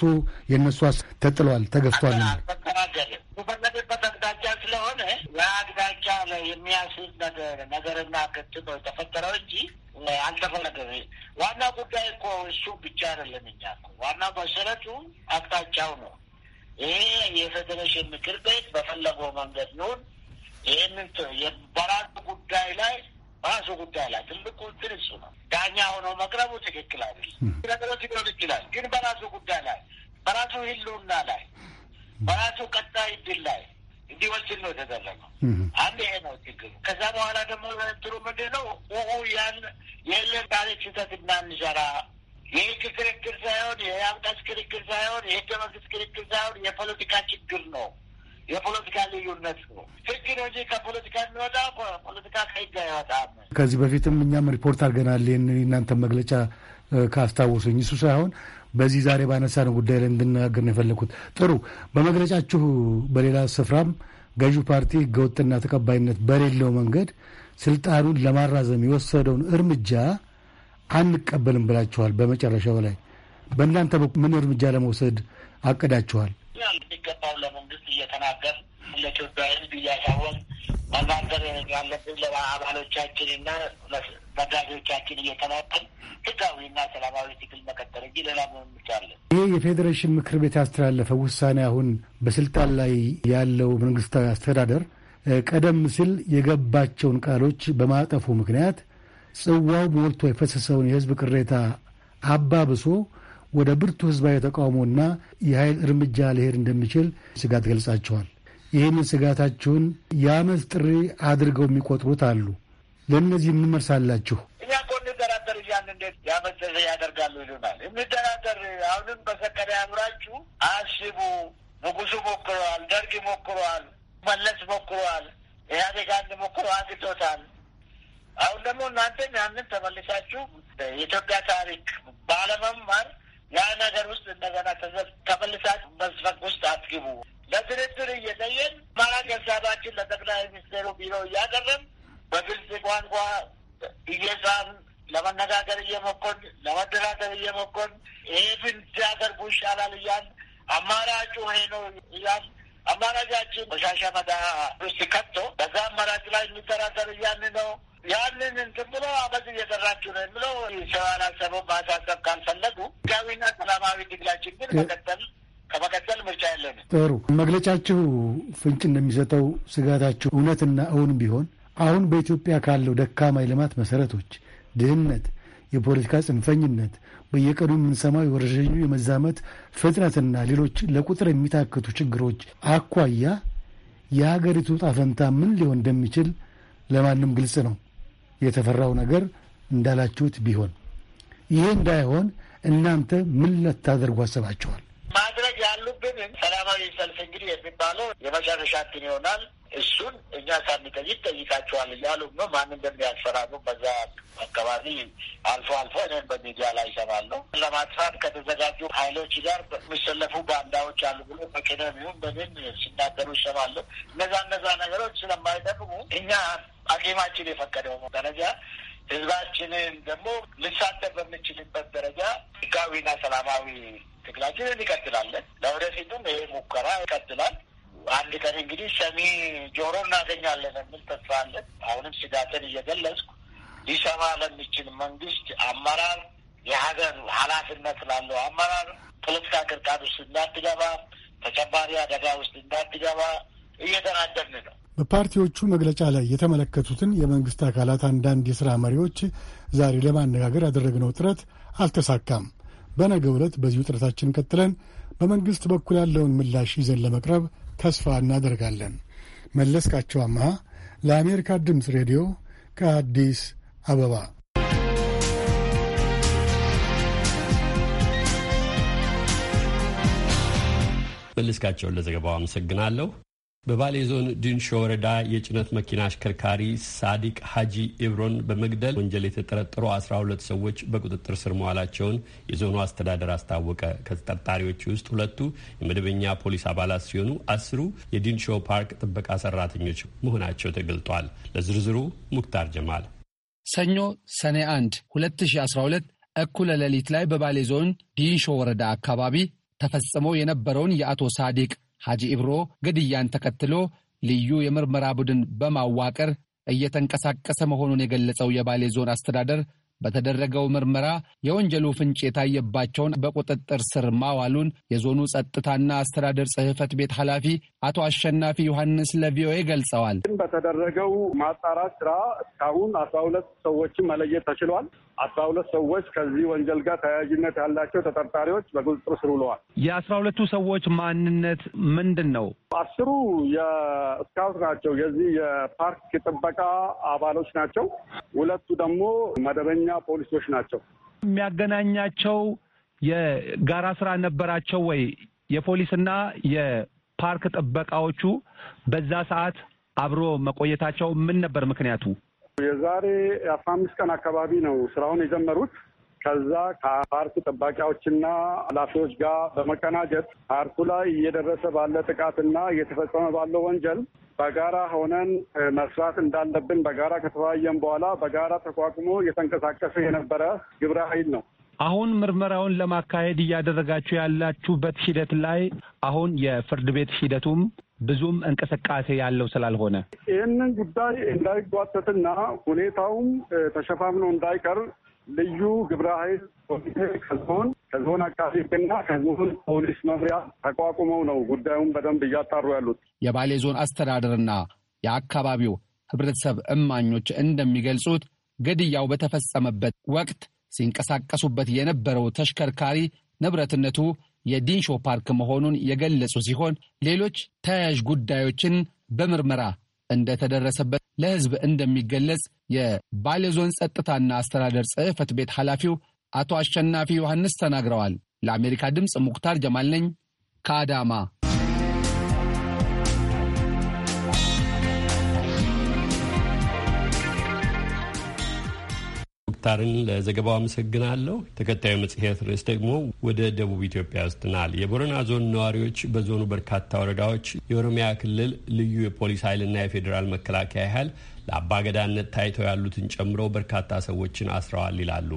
F: የእነሱ ተጥሏል ተገፍቷል በፈለገበት አቅጣጫ ስለሆነ የአቅጣጫ የሚያስዝ
B: ነገርና ክትሎ የተፈጠረው እንጂ አልተፈለገም። ዋና ጉዳይ እኮ እሱ ብቻ አይደለም። እኛ ዋና መሰረቱ አቅጣጫው ነው። ይሄ የፌዴሬሽን ምክር ቤት በፈለገው መንገድ ይሁን ይህንን በራሱ ጉዳይ ላይ ራሱ ጉዳይ ላይ ትልቁ እንትን እሱ ነው። ዳኛ ሆኖ መቅረቡ ትክክል አይደለም። ነገሮች ሊሆን ይችላል፣ ግን በራሱ ጉዳይ ላይ በራሱ ህልውና ላይ በራሱ ቀጣይ እድል ላይ እንዲወስን ነው የተደረገው። አንድ ይሄ ነው ችግሩ። ከዛ በኋላ ደግሞ ትሩ ምንድን ነው ውሁ ያን የለን ታሪክ ስህተት እናንሰራ የህግ ክርክር ሳይሆን የአብቃስ ክርክር ሳይሆን የህገ መንግስት ክርክር ሳይሆን የፖለቲካ ችግር ነው የፖለቲካ ልዩነት ነው። ህግ ነው እንጂ ከፖለቲካ የሚወጣ ፖለቲካ
F: ከህግ አይወጣም። ከዚህ በፊትም እኛም ሪፖርት አድርገናል። ይህን እናንተ መግለጫ ካስታወሱኝ እሱ ሳይሆን በዚህ ዛሬ ባነሳ ነው ጉዳይ ላይ እንድነጋገር ነው የፈለግኩት። ጥሩ። በመግለጫችሁ በሌላ ስፍራም ገዢው ፓርቲ ህገወጥና ተቀባይነት በሌለው መንገድ ስልጣኑን ለማራዘም የወሰደውን እርምጃ አንቀበልም ብላችኋል። በመጨረሻው ላይ በእናንተ በኩል ምን እርምጃ ለመውሰድ አቅዳችኋል? እየተናገር ለኢትዮጵያ ሕዝብ እያሳወን መናገር
B: ያለብን ለአባሎቻችን እና መጋቢዎቻችን እየተናቀን ህጋዊና ሰላማዊ ትግል መቀጠል እንጂ
F: ሌላ ምን እንችላለን? ይህ የፌዴሬሽን ምክር ቤት ያስተላለፈ ውሳኔ አሁን በስልጣን ላይ ያለው መንግስታዊ አስተዳደር ቀደም ሲል የገባቸውን ቃሎች በማጠፉ ምክንያት ጽዋው ሞልቶ የፈሰሰውን የህዝብ ቅሬታ አባብሶ ወደ ብርቱ ህዝባዊ ተቃውሞና የኃይል እርምጃ ሊሄድ እንደሚችል ስጋት ገልጻቸዋል። ይህንን ስጋታችሁን የአመት ጥሪ አድርገው የሚቆጥሩት አሉ። ለእነዚህ ምን አላችሁ?
B: እኛ እኮ እንደራደር እያን እንዴት የአመት ጥሪ ያደርጋሉ ይሉናል። የምደራደር አሁንም በሰቀደ ያኑራችሁ አስቡ። ንጉሱ ሞክረዋል፣ ደርግ ሞክረዋል፣ መለስ ሞክረዋል፣ ኢህአዴግ አንድ ሞክሮ አግቶታል። አሁን ደግሞ እናንተም ያንን ተመልሳችሁ የኢትዮጵያ ታሪክ ባለመማር ያ ነገር ውስጥ እንደገና ተመልሳት መስፈቅ ውስጥ አትግቡ። ለድርድር እየጠየን ማራቅ ሀሳባችን ለጠቅላይ ሚኒስትሩ ቢሮ እያቀረም በግልጽ ቋንቋ እየጻፍ ለመነጋገር እየሞከን ለመደራደር እየሞከን ይሄ ፍን ብናደርጉ ይሻላል እያል አማራጩ ይሄ ነው እያል አማራጫችን ቆሻሻ መዳ ውስጥ ከቶ በዛ አማራጭ ላይ የሚደራደር እያን ነው ያንን እንትን ብሎ አመት እየሰራችሁ ነው የሚለው ሰው አላሰበው ማሳሰብ ካልፈለጉ ህጋዊና ሰላማዊ ትግላችን ግን መቀጠል ከመቀጠል
F: ምርጫ የለንም። ጥሩ መግለጫችሁ ፍንጭ እንደሚሰጠው ስጋታችሁ እውነትና እውን ቢሆን አሁን በኢትዮጵያ ካለው ደካማ የልማት መሰረቶች፣ ድህነት፣ የፖለቲካ ጽንፈኝነት፣ በየቀኑ የምንሰማው የወረርሽኙ የመዛመት ፍጥነትና ሌሎች ለቁጥር የሚታክቱ ችግሮች አኳያ የሀገሪቱ ጣፈንታ ምን ሊሆን እንደሚችል ለማንም ግልጽ ነው። የተፈራው ነገር እንዳላችሁት ቢሆን ይሄ እንዳይሆን እናንተ ምን ልታደርጉ አሰባችኋል? ማድረግ
B: ያሉብን ሰላማዊ ሰልፍ እንግዲህ የሚባለው የመጨረሻ እንትን ይሆናል። እሱን እኛ ሳንጠይቅ ጠይቃቸዋል እያሉ ነው። ማን እንደሚያስፈራሩ በዛ አካባቢ አልፎ አልፎ እኔም በሚዲያ ላይ ይሰማለሁ። ለማጥፋት ከተዘጋጁ ኃይሎች ጋር የሚሰለፉ ባንዳዎች አሉ ብሎ በቅደም ይሁን በምን ሲናገሩ ይሰማለሁ። እነዛ እነዛ ነገሮች ስለማይጠቅሙ እኛ አቂማችን የፈቀደው ደረጃ ህዝባችንን ደግሞ ልሳተፍ በምችልበት ደረጃ ህጋዊና ሰላማዊ ትግላችንን እንቀጥላለን። ለወደፊቱም ይሄ ሙከራ ይቀጥላል። አንድ ቀን እንግዲህ ሰሚ ጆሮ እናገኛለን የሚል ተስፋ አለን። አሁንም ስጋትን እየገለጽኩ ሊሰማ ለሚችል መንግስት አመራር፣ የሀገር ኃላፊነት ላለው አመራር ፖለቲካ ቅርቃር ውስጥ እንዳትገባ፣ ተጨማሪ አደጋ ውስጥ እንዳትገባ እየተናደድን
F: ነው። በፓርቲዎቹ መግለጫ ላይ የተመለከቱትን የመንግስት አካላት አንዳንድ የሥራ መሪዎች ዛሬ ለማነጋገር ያደረግነው ጥረት አልተሳካም። በነገ ዕለት በዚሁ ጥረታችን ቀጥለን በመንግሥት በኩል ያለውን ምላሽ ይዘን ለመቅረብ ተስፋ እናደርጋለን። መለስካቸው አመሃ ለአሜሪካ ድምፅ ሬዲዮ ከአዲስ አበባ።
A: መልስካቸውን ለዘገባው አመሰግናለሁ። በባሌ ዞን ዲንሾ ወረዳ የጭነት መኪና አሽከርካሪ ሳዲቅ ሀጂ ኢብሮን በመግደል ወንጀል የተጠረጠሩ 12 ሰዎች በቁጥጥር ስር መዋላቸውን የዞኑ አስተዳደር አስታወቀ። ከተጠርጣሪዎች ውስጥ ሁለቱ የመደበኛ ፖሊስ አባላት ሲሆኑ አስሩ የዲንሾ ፓርክ ጥበቃ ሰራተኞች መሆናቸው ተገልጧል። ለዝርዝሩ ሙክታር ጀማል።
G: ሰኞ ሰኔ 1 2012 እኩለ ሌሊት ላይ በባሌ ዞን ዲንሾ ወረዳ አካባቢ ተፈጽሞ የነበረውን የአቶ ሳዲቅ ሐጂ ኢብሮ ግድያን ተከትሎ ልዩ የምርመራ ቡድን በማዋቀር እየተንቀሳቀሰ መሆኑን የገለጸው የባሌ ዞን አስተዳደር በተደረገው ምርመራ የወንጀሉ ፍንጭ የታየባቸውን በቁጥጥር ስር ማዋሉን የዞኑ ጸጥታና አስተዳደር ጽሕፈት ቤት ኃላፊ አቶ አሸናፊ ዮሐንስ ለቪኦኤ ገልጸዋል።
H: በተደረገው ማጣራት ስራ እስካሁን አስራ ሁለት ሰዎችን መለየት ተችሏል። አስራ ሁለት ሰዎች ከዚህ ወንጀል ጋር ተያያዥነት ያላቸው ተጠርጣሪዎች በቁጥጥር ስር ውለዋል።
G: የአስራ ሁለቱ ሰዎች ማንነት ምንድን ነው?
H: አስሩ የስካውት ናቸው፣ የዚህ የፓርክ ጥበቃ አባሎች ናቸው። ሁለቱ ደግሞ መደበኛ ፖሊሶች ናቸው።
G: የሚያገናኛቸው የጋራ ስራ ነበራቸው ወይ? የፖሊስና የፓርክ ጥበቃዎቹ በዛ ሰዓት አብሮ መቆየታቸው ምን ነበር ምክንያቱ?
H: የዛሬ አስራ አምስት ቀን አካባቢ ነው ስራውን የጀመሩት። ከዛ ከፓርክ ጠባቂዎችና ኃላፊዎች ጋር በመቀናጀት ፓርኩ ላይ እየደረሰ ባለ ጥቃትና እየተፈጸመ ባለው ወንጀል በጋራ ሆነን መስራት እንዳለብን በጋራ ከተወያየን በኋላ በጋራ ተቋቁሞ እየተንቀሳቀሰ የነበረ ግብረ ኃይል
G: ነው። አሁን ምርመራውን ለማካሄድ እያደረጋችሁ ያላችሁበት ሂደት ላይ አሁን የፍርድ ቤት ሂደቱም ብዙም እንቅስቃሴ ያለው ስላልሆነ
H: ይህንን ጉዳይ እንዳይጓተትና ሁኔታውም ተሸፋፍኖ እንዳይቀር ልዩ ግብረ ኃይል ኮሚቴ ከዞን ከዞን አካባቢና ከዞን ፖሊስ መምሪያ ተቋቁመው ነው ጉዳዩን በደንብ እያጣሩ ያሉት።
G: የባሌ ዞን አስተዳደርና የአካባቢው ህብረተሰብ እማኞች እንደሚገልጹት ግድያው በተፈጸመበት ወቅት ሲንቀሳቀሱበት የነበረው ተሽከርካሪ ንብረትነቱ የዲንሾ ፓርክ መሆኑን የገለጹ ሲሆን ሌሎች ተያያዥ ጉዳዮችን በምርመራ እንደተደረሰበት ለሕዝብ እንደሚገለጽ የባሌ ዞን ጸጥታና አስተዳደር ጽሕፈት ቤት ኃላፊው አቶ አሸናፊ ዮሐንስ ተናግረዋል። ለአሜሪካ ድምፅ ሙክታር ጀማል ነኝ ከአዳማ
A: ሙክታርን ለዘገባው አመሰግናለሁ። ተከታዩ መጽሔት ርዕስ ደግሞ ወደ ደቡብ ኢትዮጵያ ወስድናል። የቦረና ዞን ነዋሪዎች በዞኑ በርካታ ወረዳዎች የኦሮሚያ ክልል ልዩ የፖሊስ ኃይልና የፌዴራል መከላከያ ያህል ለአባገዳነት ታይተው ያሉትን ጨምሮ በርካታ ሰዎችን አስረዋል ይላሉ።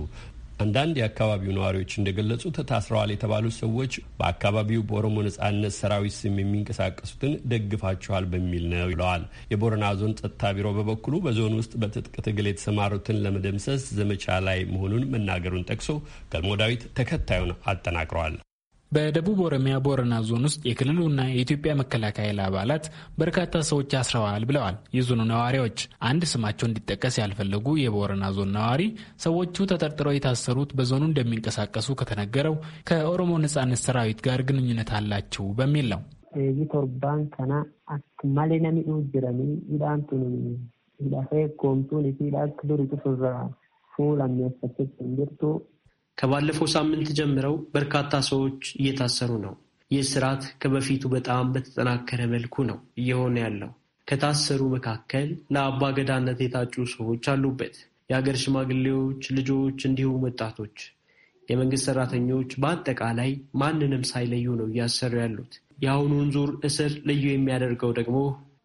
A: አንዳንድ የአካባቢው ነዋሪዎች እንደገለጹ ተታስረዋል የተባሉት ሰዎች በአካባቢው በኦሮሞ ነጻነት ሰራዊት ስም የሚንቀሳቀሱትን ደግፋቸዋል በሚል ነው ይለዋል። የቦረና ዞን ጸጥታ ቢሮ በበኩሉ በዞን ውስጥ በትጥቅ ትግል የተሰማሩትን ለመደምሰስ ዘመቻ ላይ መሆኑን መናገሩን ጠቅሶ ገልሞ ዳዊት ተከታዩን አጠናቅረዋል።
I: በደቡብ ኦሮሚያ ቦረና ዞን ውስጥ የክልሉና የኢትዮጵያ መከላከያ ኃይል አባላት በርካታ ሰዎች አስረዋል ብለዋል የዞኑ ነዋሪዎች። አንድ ስማቸው እንዲጠቀስ ያልፈለጉ የቦረና ዞን ነዋሪ ሰዎቹ ተጠርጥረው የታሰሩት በዞኑ እንደሚንቀሳቀሱ ከተነገረው ከኦሮሞ ነጻነት ሰራዊት ጋር ግንኙነት አላቸው በሚል ነው።
J: ቶርባን ከና ነሚ ጅረሚ ዳንቱን ዳፌ ኮምቱን ዳክ ዱሪቱ ፉላ ሚያስፈትት ንድርቱ
K: ከባለፈው ሳምንት ጀምረው በርካታ ሰዎች እየታሰሩ ነው። ይህ ስርዓት ከበፊቱ በጣም በተጠናከረ መልኩ ነው እየሆነ ያለው። ከታሰሩ መካከል ለአባ ገዳነት የታጩ ሰዎች አሉበት። የሀገር ሽማግሌዎች፣ ልጆች እንዲሁም ወጣቶች፣ የመንግስት ሰራተኞች በአጠቃላይ ማንንም ሳይለዩ ነው እያሰሩ ያሉት። የአሁኑን ዙር እስር ልዩ የሚያደርገው ደግሞ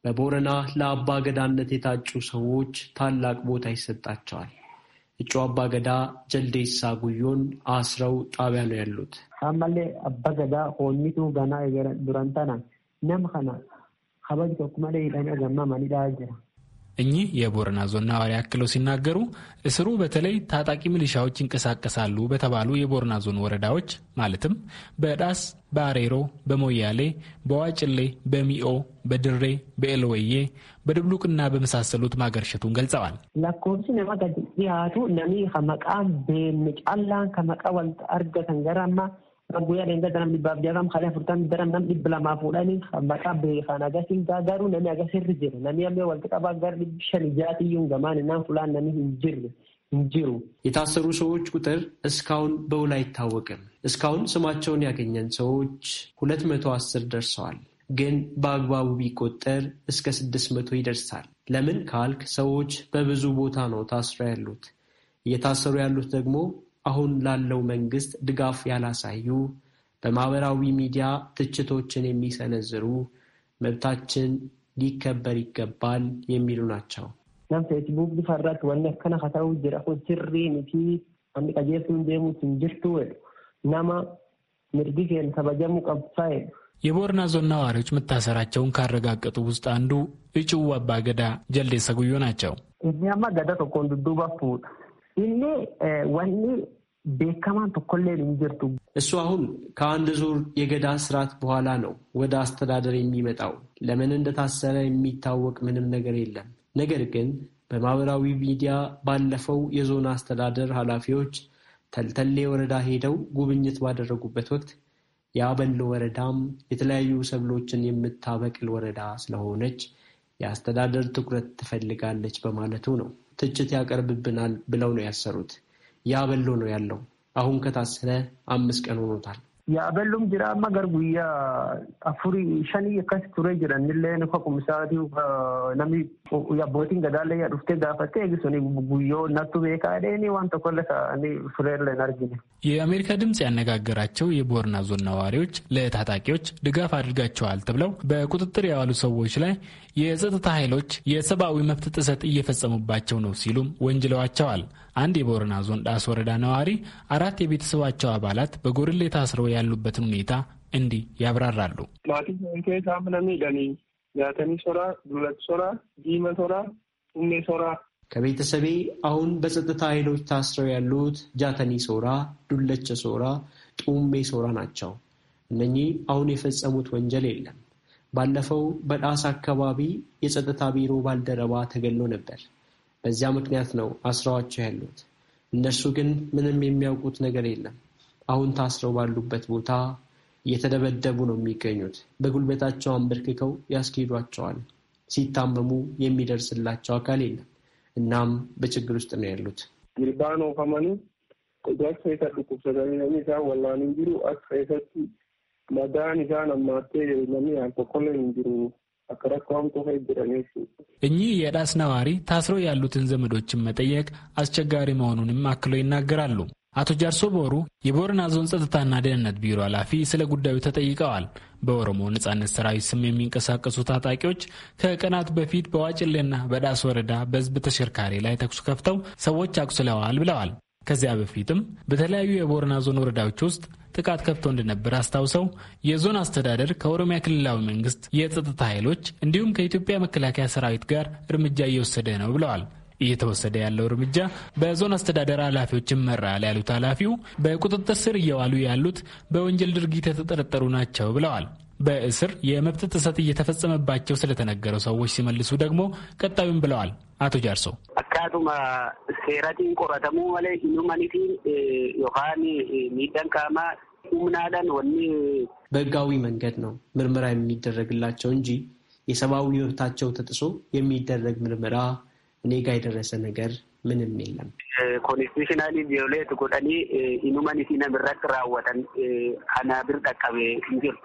K: በቦረና ለአባ ገዳነት የታጩ ሰዎች ታላቅ ቦታ ይሰጣቸዋል። እጩው አባገዳ ጀልዴሳ ጉዮን አስረው ጣቢያ ነው ያሉት።
J: አማሌ አባገዳ ሆኒቱ ገና ዱራንታና ነም ከና ከበጅ ተኩመለ ገማ ማኒዳ ጅራ
K: እኚህ
I: የቦረና ዞን ነዋሪ አክለው ሲናገሩ እስሩ በተለይ ታጣቂ ሚሊሻዎች ይንቀሳቀሳሉ በተባሉ የቦረና ዞን ወረዳዎች ማለትም በዳስ፣ በአሬሮ፣ በሞያሌ፣ በዋጭሌ፣ በሚኦ፣ በድሬ፣ በኤልወዬ፣ በድብሉቅና በመሳሰሉት ማገርሸቱን ገልጸዋል።
J: ለኮብሲ ነማ ገዲያቱ ነሚ ከመቃ ቤምጫላን ከመቃ ወልት አርገተንገራማ kan guyyaa deengaa tanam dhibbaaf jaakam kalee afurtamii daram nam dhibba lamaa fuudhanii maqaa beekan agarsiin garuu namni agarsiirri jiru namni ammoo walti qabaa gara dhibbi shan jaatiyyuun gamaan innaan fulaan namni hin jirre
K: hin jiru. የታሰሩ ሰዎች ቁጥር እስካሁን በውል አይታወቅም። እስካሁን ስማቸውን ያገኘን ሰዎች ሁለት መቶ አስር ደርሰዋል። ግን በአግባቡ ቢቆጠር እስከ ስድስት መቶ ይደርሳል። ለምን ካልክ ሰዎች በብዙ ቦታ ነው ታስረው ያሉት። እየታሰሩ ያሉት ደግሞ አሁን ላለው መንግስት ድጋፍ ያላሳዩ፣ በማህበራዊ ሚዲያ ትችቶችን የሚሰነዝሩ መብታችን ሊከበር ይገባል የሚሉ ናቸው።
J: ናም ፌስቡክ ዲፈራት ናማ ተበጀሙ
I: የቦርና ዞን ነዋሪዎች መታሰራቸውን ካረጋገጡ ውስጥ አንዱ እጩው ገዳ ጀልዴ ሰጉዮ ናቸው።
J: እኛማ ገዳ ተኮንዱዱባፉ ይሄ ወኔ ቤከማን tokkollee እንጀርቱ
K: እሱ አሁን ከአንድ ዙር የገዳ ስርዓት በኋላ ነው ወደ አስተዳደር የሚመጣው። ለምን እንደታሰረ የሚታወቅ ምንም ነገር የለም። ነገር ግን በማህበራዊ ሚዲያ ባለፈው የዞን አስተዳደር ኃላፊዎች ተልተሌ ወረዳ ሄደው ጉብኝት ባደረጉበት ወቅት የአበል ወረዳም የተለያዩ ሰብሎችን የምታበቅል ወረዳ ስለሆነች የአስተዳደር ትኩረት ትፈልጋለች በማለቱ ነው ትችት ያቀርብብናል ብለው ነው ያሰሩት። ያበሎ ነው ያለው። አሁን ከታሰረ አምስት ቀን ሆኖታል።
J: Yaaballuun jira amma gar guyyaa afurii shanii akkas ture jiranillee nuka kumsaatii namni abbootiin gadaallee yaa dhuftee gaafattee eegisuni guyyoo nattu beekaa dheeni waan tokko lasa furerle
I: argine. የአሜሪካ ድምፅ ያነጋገራቸው የቦርና ዞን ነዋሪዎች ለታጣቂዎች ድጋፍ አድርጋቸዋል ተብለው በቁጥጥር የዋሉ ሰዎች ላይ የጸጥታ ኃይሎች የሰብአዊ መብት ጥሰት እየፈጸሙባቸው ነው ሲሉም ወንጅለዋቸዋል። አንድ የቦረና ዞን ዳስ ወረዳ ነዋሪ አራት የቤተሰባቸው አባላት በጎርሌ ታስረው ያሉበትን ሁኔታ እንዲህ ያብራራሉ።
K: ከቤተሰቤ አሁን በጸጥታ ኃይሎች ታስረው ያሉት ጃተኒ ሶራ፣ ዱለቸ ሶራ፣ ጡሜ ሶራ ናቸው። እነኚህ አሁን የፈጸሙት ወንጀል የለም። ባለፈው በዳስ አካባቢ የጸጥታ ቢሮ ባልደረባ ተገሎ ነበር። በዚያ ምክንያት ነው አስረዋቸው ያሉት። እነርሱ ግን ምንም የሚያውቁት ነገር የለም። አሁን ታስረው ባሉበት ቦታ እየተደበደቡ ነው የሚገኙት። በጉልበታቸው አንበርክከው ያስኬዷቸዋል። ሲታመሙ የሚደርስላቸው አካል የለም። እናም በችግር ውስጥ ነው ያሉት።
J: ጅርባኖ ከመኑ መዳን
I: እኚህ የዳስ ነዋሪ ታስረው ያሉትን ዘመዶችን መጠየቅ አስቸጋሪ መሆኑንም አክለው ይናገራሉ። አቶ ጃርሶ ቦሩ የቦረና ዞን ጸጥታና ደህንነት ቢሮ ኃላፊ ስለ ጉዳዩ ተጠይቀዋል። በኦሮሞ ነጻነት ሰራዊት ስም የሚንቀሳቀሱ ታጣቂዎች ከቀናት በፊት በዋጭሌና በዳስ ወረዳ በህዝብ ተሽከርካሪ ላይ ተኩስ ከፍተው ሰዎች አቁስለዋል ብለዋል። ከዚያ በፊትም በተለያዩ የቦረና ዞን ወረዳዎች ውስጥ ጥቃት ከብቶ እንደነበር አስታውሰው የዞን አስተዳደር ከኦሮሚያ ክልላዊ መንግስት የጸጥታ ኃይሎች እንዲሁም ከኢትዮጵያ መከላከያ ሰራዊት ጋር እርምጃ እየወሰደ ነው ብለዋል። እየተወሰደ ያለው እርምጃ በዞን አስተዳደር ኃላፊዎች ይመራል ያሉት ኃላፊው በቁጥጥር ስር እየዋሉ ያሉት በወንጀል ድርጊት የተጠረጠሩ ናቸው ብለዋል። በእስር የመብት ጥሰት እየተፈጸመባቸው ስለተነገረው ሰዎች ሲመልሱ ደግሞ ቀጣዩም ብለዋል
K: አቶ ጃርሶ።
J: አካቱማ ሴራቲን ቆረተሙ ማለ ሂዩማኒቲን ዮሃኒ ሚደንካማ ሁምናለን ወኒ
K: በህጋዊ መንገድ ነው ምርመራ የሚደረግላቸው እንጂ የሰብአዊ መብታቸው ተጥሶ የሚደረግ ምርመራ እኔ ጋ የደረሰ ነገር ምንም የለም።
J: ኮንስቲቱሽናሊ ቪዮሌት ጎጠኒ ኢኑማኒቲ ነምረቅ ራወተን አናብር ጠቀቤ እንጅር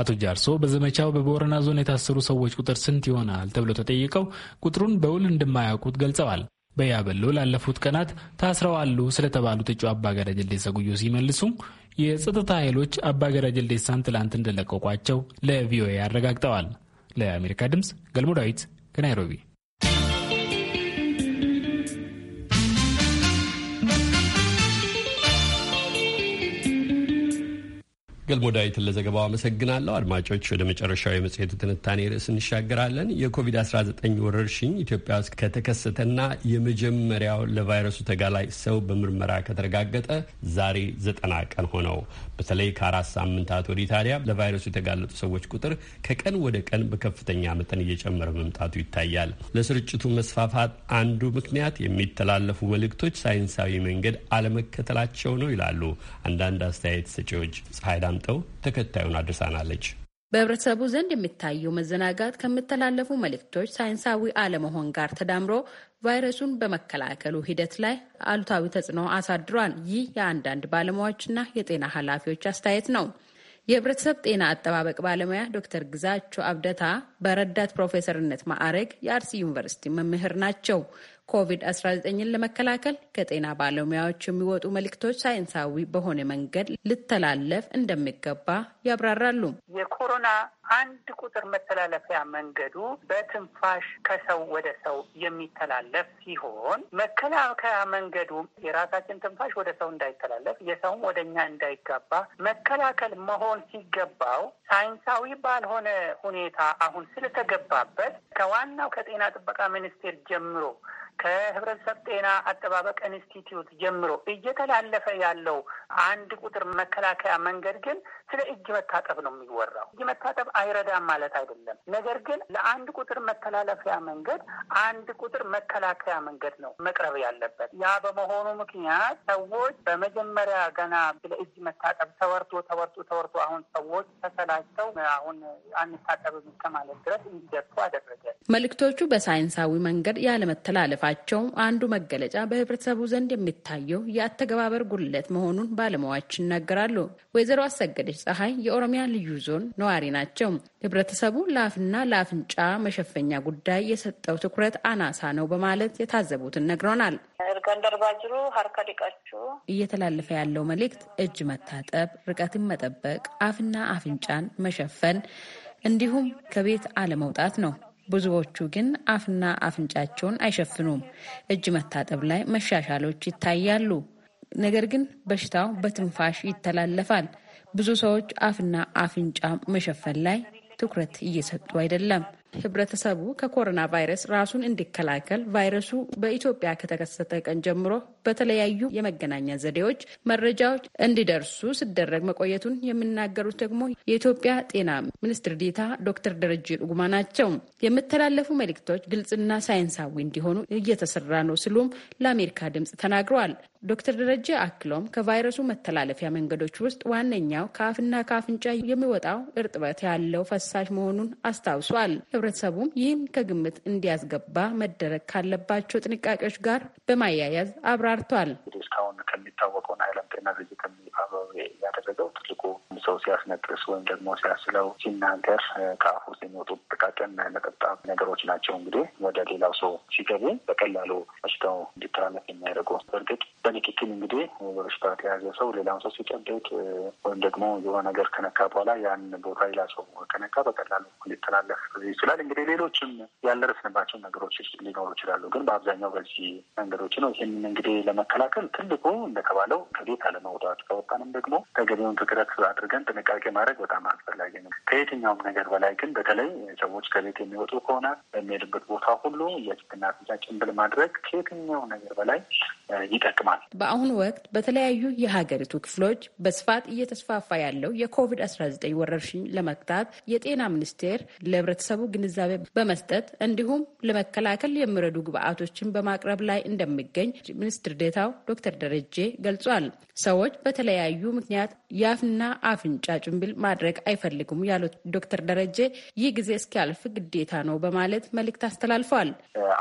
I: አቶ ጃርሶ በዘመቻው በቦረና ዞን የታሰሩ ሰዎች ቁጥር ስንት ይሆናል ተብሎ ተጠይቀው ቁጥሩን በውል እንደማያውቁት ገልጸዋል። በያበሎ ላለፉት ቀናት ታስረዋሉ ስለተባሉት እጩ አባገዳ ጀልዴሳ ጉዮ ሲመልሱ የጸጥታ ኃይሎች አባገዳ ጀልዴሳን ትላንት እንደለቀቋቸው ለቪኦኤ አረጋግጠዋል። ለአሜሪካ ድምፅ ገልሞ ዳዊት ከናይሮቢ
A: ገልሞ ዳዊትን ለዘገባው አመሰግናለሁ። አድማጮች ወደ መጨረሻው የመጽሔቱ ትንታኔ ርዕስ እንሻገራለን። የኮቪድ-19 ወረርሽኝ ኢትዮጵያ ውስጥ ከተከሰተና የመጀመሪያው ለቫይረሱ ተጋላጭ ሰው በምርመራ ከተረጋገጠ ዛሬ ዘጠና ቀን ሆነው በተለይ ከአራት ሳምንታት ወዲህ ታዲያ ለቫይረሱ የተጋለጡ ሰዎች ቁጥር ከቀን ወደ ቀን በከፍተኛ መጠን እየጨመረ መምጣቱ ይታያል። ለስርጭቱ መስፋፋት አንዱ ምክንያት የሚተላለፉ መልእክቶች ሳይንሳዊ መንገድ አለመከተላቸው ነው ይላሉ አንዳንድ አስተያየት ሰጪዎች። ፀሐይ ዳምጠው ተከታዩን አድርሳናለች።
L: በህብረተሰቡ ዘንድ የሚታየው መዘናጋት ከሚተላለፉ መልእክቶች ሳይንሳዊ አለመሆን ጋር ተዳምሮ ቫይረሱን በመከላከሉ ሂደት ላይ አሉታዊ ተጽዕኖ አሳድሯል። ይህ የአንዳንድ ባለሙያዎችና የጤና ኃላፊዎች አስተያየት ነው። የህብረተሰብ ጤና አጠባበቅ ባለሙያ ዶክተር ግዛቸው አብደታ በረዳት ፕሮፌሰርነት ማዕረግ የአርሲ ዩኒቨርሲቲ መምህር ናቸው። ኮቪድ-19ን ለመከላከል ከጤና ባለሙያዎች የሚወጡ መልእክቶች ሳይንሳዊ በሆነ መንገድ ልተላለፍ እንደሚገባ ያብራራሉ።
C: የኮሮና
M: አንድ ቁጥር መተላለፊያ መንገዱ በትንፋሽ ከሰው ወደ ሰው የሚተላለፍ ሲሆን መከላከያ መንገዱ የራሳችን ትንፋሽ ወደ ሰው እንዳይተላለፍ፣ የሰውም ወደ እኛ እንዳይጋባ መከላከል መሆን ሲገባው ሳይንሳዊ ባልሆነ ሁኔታ አሁን ስለተገባበት ከዋናው ከጤና ጥበቃ ሚኒስቴር ጀምሮ ከህብረተሰብ ጤና አጠባበቅ ኢንስቲትዩት ጀምሮ እየተላለፈ ያለው አንድ ቁጥር መከላከያ መንገድ ግን ስለ እጅ መታጠብ ነው የሚወራው። እጅ መታጠብ አይረዳም ማለት አይደለም። ነገር ግን ለአንድ ቁጥር መተላለፊያ መንገድ አንድ ቁጥር መከላከያ መንገድ ነው መቅረብ ያለበት። ያ በመሆኑ ምክንያት ሰዎች በመጀመሪያ ገና ስለ እጅ መታጠብ ተወርቶ ተወርቶ ተወርቶ አሁን ሰዎች ተሰላጅተው አሁን አንታጠብም እስከ ድረስ እንዲደርሱ አደረገ።
L: መልእክቶቹ በሳይንሳዊ መንገድ ያለመተላለፍ መጽሐፋቸው አንዱ መገለጫ በህብረተሰቡ ዘንድ የሚታየው የአተገባበር ጉድለት መሆኑን ባለሙያዎች ይናገራሉ። ወይዘሮ አሰገደች ፀሐይ የኦሮሚያ ልዩ ዞን ነዋሪ ናቸው። ህብረተሰቡ ለአፍና ለአፍንጫ መሸፈኛ ጉዳይ የሰጠው ትኩረት አናሳ ነው በማለት የታዘቡትን ነግረናል። እየተላለፈ ያለው መልእክት እጅ መታጠብ፣ ርቀትን መጠበቅ፣ አፍና አፍንጫን መሸፈን እንዲሁም ከቤት አለመውጣት ነው። ብዙዎቹ ግን አፍና አፍንጫቸውን አይሸፍኑም። እጅ መታጠብ ላይ መሻሻሎች ይታያሉ። ነገር ግን በሽታው በትንፋሽ ይተላለፋል። ብዙ ሰዎች አፍና አፍንጫ መሸፈን ላይ ትኩረት እየሰጡ አይደለም። ህብረተሰቡ ከኮሮና ቫይረስ ራሱን እንዲከላከል ቫይረሱ በኢትዮጵያ ከተከሰተ ቀን ጀምሮ በተለያዩ የመገናኛ ዘዴዎች መረጃዎች እንዲደርሱ ሲደረግ መቆየቱን የሚናገሩት ደግሞ የኢትዮጵያ ጤና ሚኒስትር ዴታ ዶክተር ደረጀ ዱጉማ ናቸው። የሚተላለፉ መልእክቶች ግልጽና ሳይንሳዊ እንዲሆኑ እየተሰራ ነው ሲሉም ለአሜሪካ ድምጽ ተናግረዋል። ዶክተር ደረጀ አክሎም ከቫይረሱ መተላለፊያ መንገዶች ውስጥ ዋነኛው ከአፍና ከአፍንጫ የሚወጣው እርጥበት ያለው ፈሳሽ መሆኑን አስታውሷል። ህብረተሰቡም ይህን ከግምት እንዲያስገባ መደረግ ካለባቸው ጥንቃቄዎች ጋር በማያያዝ አብራ አብራርቷል።
M: እንግዲህ እስካሁን ከሚታወቀውን ዓለም ጤና ድርጅት ያደረገው ትልቁ ሰው ሲያስነጥስ ወይም ደግሞ ሲያስለው፣ ሲናገር ከአፉ የሚወጡ ጥቃቅን ነጠብጣብ ነገሮች ናቸው። እንግዲህ ወደ ሌላው ሰው ሲገቡ በቀላሉ በሽታው እንዲተላለፍ የሚያደርጉ በእርግጥ በንክኪል እንግዲህ በበሽታ የተያዘ ሰው ሌላውን ሰው ሲጨብጥ ወይም ደግሞ የሆነ ነገር ከነካ በኋላ ያን ቦታ ሌላ ሰው ከነካ በቀላሉ ሊተላለፍ ይችላል። እንግዲህ ሌሎችም ያልደረስንባቸው ነገሮች ሊኖሩ ይችላሉ። ግን በአብዛኛው በዚህ መንገዶች ነው። ይህን እንግዲህ ለመከላከል ትልቁ እንደተባለው ከቤት አለመውጣት፣ ከወጣንም ደግሞ ተገቢውን ትኩረት አድርገን ጥንቃቄ ማድረግ በጣም አስፈላጊ ነው። ከየትኛውም ነገር በላይ ግን በተለይ ሰዎች ከቤት የሚወጡ ከሆነ በሚሄዱበት ቦታ ሁሉ የፊትና አፍንጫ ጭንብል ማድረግ ከየትኛው ነገር በላይ ይጠቅማል።
L: በአሁኑ ወቅት በተለያዩ የሀገሪቱ ክፍሎች በስፋት እየተስፋፋ ያለው የኮቪድ-19 ወረርሽኝ ለመግታት የጤና ሚኒስቴር ለህብረተሰቡ ግንዛቤ በመስጠት እንዲሁም ለመከላከል የሚረዱ ግብአቶችን በማቅረብ ላይ እንደሚገኝ ሚኒስትር ዴታው ዶክተር ደረጀ ገልጿል። ሰዎች በተለያዩ ምክንያት ያፍና አፍንጫ ጭንብል ማድረግ አይፈልጉም ያሉት ዶክተር ደረጀ ይህ ጊዜ እስኪያልፍ ግዴታ ነው በማለት መልእክት አስተላልፈዋል።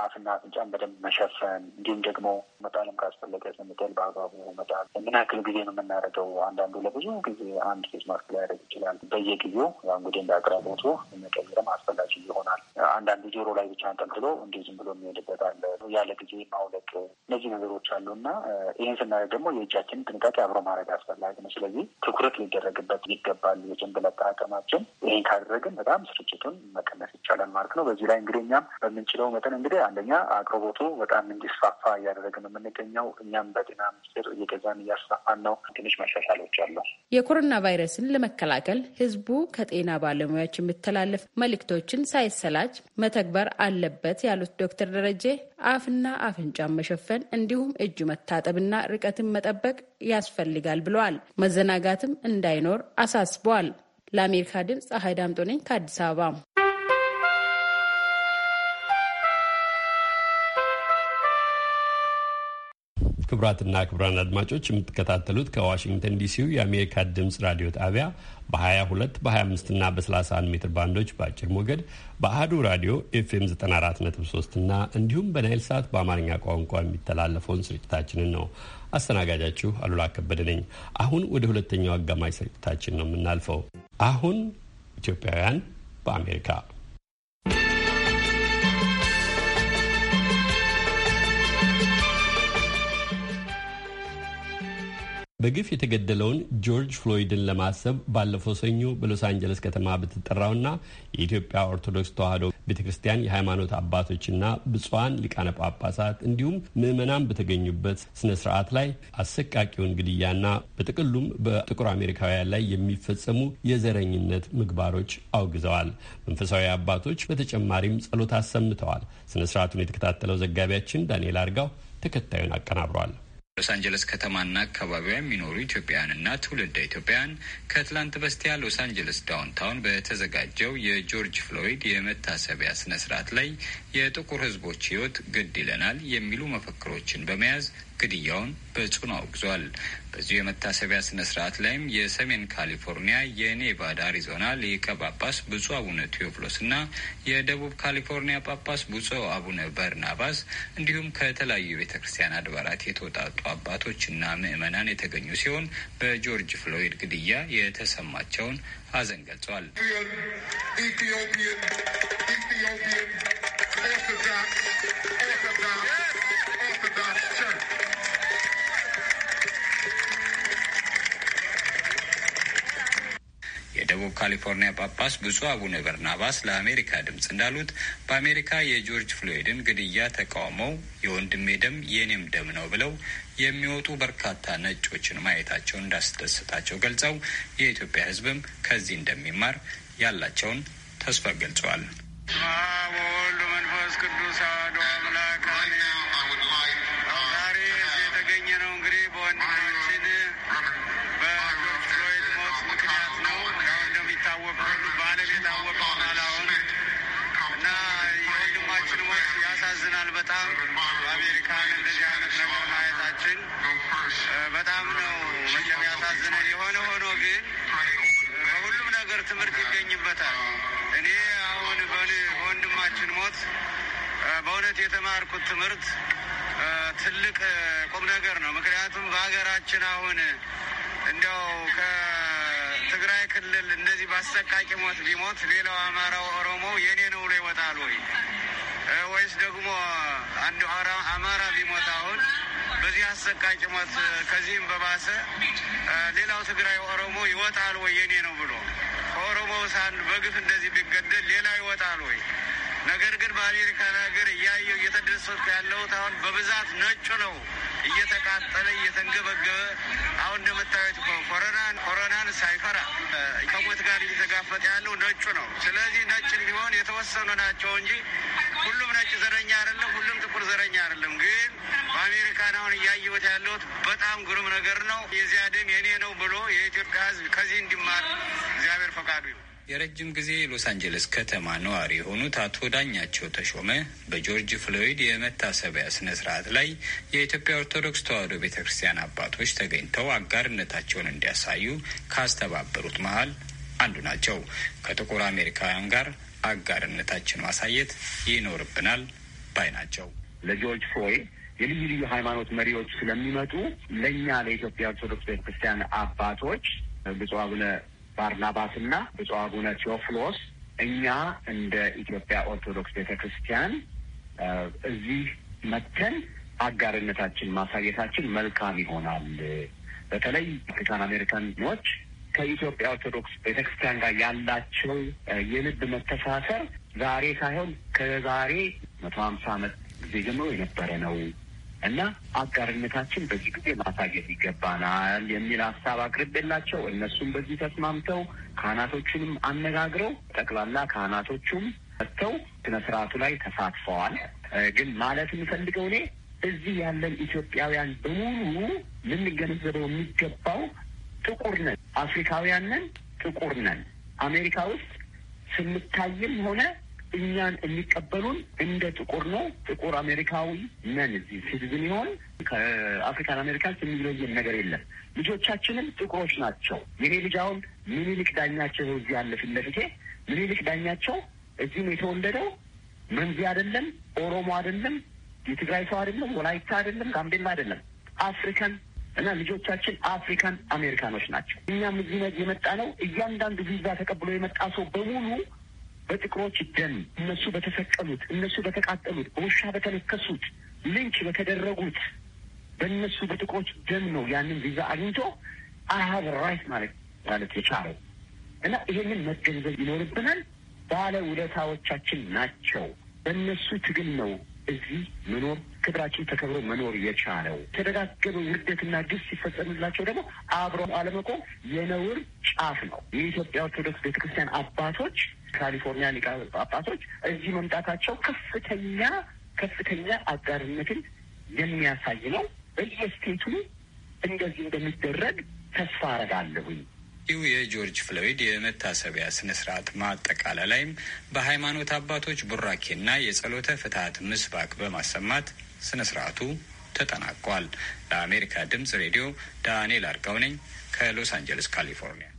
M: አፍና አፍንጫን በደንብ መሸፈን እንዲሁም ደግሞ መጣልም ካስፈለገ ስንጠል በአግባቡ መጣል። ምን ያክል ጊዜ ነው የምናደርገው? አንዳንዱ ለብዙ ጊዜ አንድ ፌስ ማስክ ሊያደርግ ይችላል። በየጊዜው እንግዲህ እንደ አቅራቦቱ መቀየርም አስፈላጊ ይሆናል። አንዳንዱ ጆሮ ላይ ብቻ አንጠልጥሎ እንዲህ ዝም ብሎ የሚሄድበት አለ። ያለ ጊዜ ማውለቅ፣ እነዚህ ነገሮች አሉ እና ይህን ስናደርግ ደግሞ የእጃችን ጥንቃቄ አብሮ ማድረግ አስፈላጊ ነው። ስለዚህ ትኩረት ሊደረግበት ይገባል። የጭንብል አጠቃቀማችን ይህን ካደረግን በጣም ስርጭቱን መቀነስ ይቻላል ማለት ነው። በዚህ ላይ እንግዲህ እኛም በምንችለው መጠን እንግዲህ አንደኛ አቅርቦቱ በጣም እንዲስፋፋ እያደረግን የምንገኘው እኛም በጤና ሚኒስቴር እየገዛን እያስፋፋን ነው። ትንሽ መሻሻሎች አሉ።
L: የኮሮና ቫይረስን ለመከላከል ህዝቡ ከጤና ባለሙያዎች የሚተላለፍ መልእክቶችን ሳይሰላጅ መተግበር አለበት ያሉት ዶክተር ደረጀ አፍና አፍንጫን መሸፈን እንዲሁም እጅ መታጠብና ርቀትን መጠበቅ ያስፈልጋል ብለዋል። መዘናገ መረጋጋትም እንዳይኖር አሳስበዋል። ለአሜሪካ ድምፅ ፀሐይ ዳምጦ ነኝ ከአዲስ አበባ።
A: ክቡራትና ክቡራን አድማጮች የምትከታተሉት ከዋሽንግተን ዲሲው የአሜሪካ ድምፅ ራዲዮ ጣቢያ በ22 በ25 እና በ31 ሜትር ባንዶች በአጭር ሞገድ በአህዱ ራዲዮ ኤፍኤም 94.3 እና እንዲሁም በናይል ሰዓት በአማርኛ ቋንቋ የሚተላለፈውን ስርጭታችንን ነው። አስተናጋጃችሁ አሉላ ከበደ ነኝ። አሁን ወደ ሁለተኛው አጋማሽ ስርጭታችን ነው የምናልፈው። አሁን ኢትዮጵያውያን በአሜሪካ በግፍ የተገደለውን ጆርጅ ፍሎይድን ለማሰብ ባለፈው ሰኞ በሎስ አንጀለስ ከተማ በተጠራውና የኢትዮጵያ ኦርቶዶክስ ተዋሕዶ ቤተ ክርስቲያን የሃይማኖት አባቶችና ብፁዓን ሊቃነ ጳጳሳት እንዲሁም ምዕመናን በተገኙበት ስነ ስርዓት ላይ አሰቃቂውን ግድያና በጥቅሉም በጥቁር አሜሪካውያን ላይ የሚፈጸሙ የዘረኝነት ምግባሮች አውግዘዋል። መንፈሳዊ አባቶች በተጨማሪም ጸሎት አሰምተዋል። ስነ ስርዓቱን የተከታተለው ዘጋቢያችን ዳንኤል አርጋው ተከታዩን አቀናብሯል።
N: ሎስ አንጀለስ ከተማና አካባቢዋ የሚኖሩ ኢትዮጵያውያንና ትውልደ ኢትዮጵያውያን ከትላንት በስቲያ ሎስ አንጀለስ ዳውንታውን በተዘጋጀው የጆርጅ ፍሎይድ የመታሰቢያ ስነ ስርዓት ላይ የጥቁር ህዝቦች ህይወት ግድ ይለናል የሚሉ መፈክሮችን በመያዝ ግድያውን በጽኑ አውግዟል። በዚሁ የመታሰቢያ ስነ ስርዓት ላይም የሰሜን ካሊፎርኒያ፣ የኔቫዳ አሪዞና ሊቀ ጳጳስ ብፁዕ አቡነ ቴዎፍሎስ እና የደቡብ ካሊፎርኒያ ጳጳስ ብፁዕ አቡነ በርናባስ እንዲሁም ከተለያዩ ቤተ ክርስቲያን አድባራት የተውጣጡ አባቶችና ምዕመናን የተገኙ ሲሆን በጆርጅ ፍሎይድ ግድያ የተሰማቸውን ሐዘን ገልጸዋል። የደቡብ ካሊፎርኒያ ጳጳስ ብፁዕ አቡነ በርናባስ ለአሜሪካ ድምፅ እንዳሉት በአሜሪካ የጆርጅ ፍሎይድን ግድያ ተቃውመው የወንድሜ ደም የእኔም ደም ነው ብለው የሚወጡ በርካታ ነጮችን ማየታቸው እንዳስደሰታቸው ገልጸው የኢትዮጵያ ሕዝብም ከዚህ እንደሚማር ያላቸውን ተስፋ ገልጸዋል። ዛሬ
O: የተገኘ ነው እንግዲህ በወንድማችን የታወቀውን አላውን እና የወንድማችን ሞት ያሳዝናል በጣም እንደዚህ አይነት ነገር ማየታችን በጣም ነው መቼም ያሳዝናል። የሆነ ሆኖ ግን በሁሉም ነገር ትምህርት ይገኝበታል። እኔ አሁን በወንድማችን ሞት በእውነት የተማርኩት ትምህርት ትልቅ ቁም ነገር ነው። ምክንያቱም በሀገራችን አሁን እንዲያው ትግራይ ክልል እንደዚህ በአሰቃቂ ሞት ቢሞት ሌላው አማራው ኦሮሞ የኔ ነው ብሎ ይወጣል ወይ? ወይስ ደግሞ አንድ አማራ ቢሞት አሁን በዚህ አሰቃቂ ሞት ከዚህም በባሰ ሌላው ትግራይ ኦሮሞ ይወጣል ወይ የኔ ነው ብሎ ከኦሮሞ ሳንድ በግፍ እንደዚህ ቢገደል ሌላው ይወጣል ወይ? ነገር ግን በአሜሪካ ነገር እያየው እየተደሰትኩ ያለሁት አሁን በብዛት ነጩ ነው እየተቃጠለ እየተንገበገበ አሁን እንደምታዩት ኮሮናን ኮሮናን ሳይፈራ ከሞት ጋር እየተጋፈጠ ያለው ነጩ ነው። ስለዚህ ነጭ እንዲሆን የተወሰኑ ናቸው እንጂ ሁሉም ነጭ ዘረኛ አይደለም፣ ሁሉም ጥቁር ዘረኛ አይደለም። ግን በአሜሪካን አሁን እያየሁት ያለሁት በጣም ግሩም ነገር ነው። የዚያ ደም የኔ ነው ብሎ የኢትዮጵያ ሕዝብ ከዚህ እንዲማር እግዚአብሔር ፈቃዱ ይሁን።
N: የረጅም ጊዜ ሎስ አንጀለስ ከተማ ነዋሪ የሆኑት አቶ ዳኛቸው ተሾመ በጆርጅ ፍሎይድ የመታሰቢያ ስነ ስርዓት ላይ የኢትዮጵያ ኦርቶዶክስ ተዋሕዶ ቤተ ክርስቲያን አባቶች ተገኝተው አጋርነታቸውን እንዲያሳዩ ካስተባበሩት መሀል አንዱ ናቸው። ከጥቁር አሜሪካውያን ጋር አጋርነታችን ማሳየት ይኖርብናል ባይ ናቸው። ለጆርጅ ፍሎይድ የልዩ ልዩ ሃይማኖት መሪዎች ስለሚመጡ ለእኛ ለኢትዮጵያ ኦርቶዶክስ ቤተክርስቲያን
P: አባቶች ብፁዕ አቡነ ባርናባስ እና ብፁዕ አቡነ ቴዎፍሎስ እኛ እንደ ኢትዮጵያ ኦርቶዶክስ ቤተ ክርስቲያን እዚህ መተን አጋርነታችን ማሳየታችን መልካም ይሆናል። በተለይ አፍሪካን አሜሪካኖች ከኢትዮጵያ ኦርቶዶክስ ቤተ ክርስቲያን ጋር ያላቸው የልብ መተሳሰር ዛሬ ሳይሆን ከዛሬ መቶ ሀምሳ ዓመት ጊዜ ጀምሮ የነበረ ነው። እና አጋርነታችን በዚህ ጊዜ ማሳየት ይገባናል የሚል ሀሳብ አቅርቤላቸው እነሱም በዚህ ተስማምተው ካህናቶቹንም አነጋግረው ጠቅላላ ካህናቶቹም መጥተው ስነ ስርዓቱ ላይ ተሳትፈዋል። ግን ማለት የምፈልገው እኔ እዚህ ያለን ኢትዮጵያውያን በሙሉ ልንገነዘበው የሚገባው ጥቁር ነን፣ አፍሪካውያን ነን፣ ጥቁር ነን። አሜሪካ ውስጥ ስንታይም ሆነ እኛን የሚቀበሉን እንደ ጥቁር ነው። ጥቁር አሜሪካዊ ነን። እዚህ ሲቲዝን ይሆን ከአፍሪካን አሜሪካን የሚለየን ነገር የለም። ልጆቻችንም ጥቁሮች ናቸው። የኔ ልጅ አሁን ምኒልክ ዳኛቸው እዚህ ያለ ፊት ለፊቴ ምኒልክ ዳኛቸው እዚህም የተወለደው መንዚ አይደለም፣ ኦሮሞ አይደለም፣ የትግራይ ሰው አይደለም፣ ወላይታ አይደለም፣ ጋምቤላ አይደለም፣ አፍሪካን እና ልጆቻችን አፍሪካን አሜሪካኖች ናቸው። እኛም እዚህ የመጣ ነው። እያንዳንዱ ቪዛ ተቀብሎ የመጣ ሰው በሙሉ በጥቁሮች ደም እነሱ በተሰቀሉት፣ እነሱ በተቃጠሉት፣ በውሻ በተነከሱት፣ ልንች በተደረጉት በእነሱ በጥቁሮች ደም ነው ያንን ቪዛ አግኝቶ አሀብ ራይት ማለት ማለት የቻለው እና ይሄንን መገንዘብ ይኖርብናል። ባለ ውለታዎቻችን ናቸው። በእነሱ ትግል ነው እዚህ መኖር ክብራችን ተከብሮ መኖር የቻለው። ተደጋገበ ውርደትና ግስ ሲፈጸምላቸው ደግሞ አብሮ አለመቆም የነውር ጫፍ ነው። የኢትዮጵያ ኦርቶዶክስ ቤተክርስቲያን አባቶች ካሊፎርኒያ ሊቀ ጳጳሶች እዚህ መምጣታቸው ከፍተኛ ከፍተኛ አጋርነትን የሚያሳይ ነው። በየስቴቱ እንደዚህ እንደሚደረግ ተስፋ
N: አረጋለሁኝ። ይህ የጆርጅ ፍሎይድ የመታሰቢያ ስነ ስርዓት ማጠቃለያ ላይም በሃይማኖት አባቶች ቡራኬና የጸሎተ ፍትሀት ምስባክ በማሰማት ስነ ስርዓቱ ተጠናቋል። ለአሜሪካ ድምጽ ሬዲዮ ዳንኤል አርጋው ነኝ ከሎስ አንጀለስ ካሊፎርኒያ።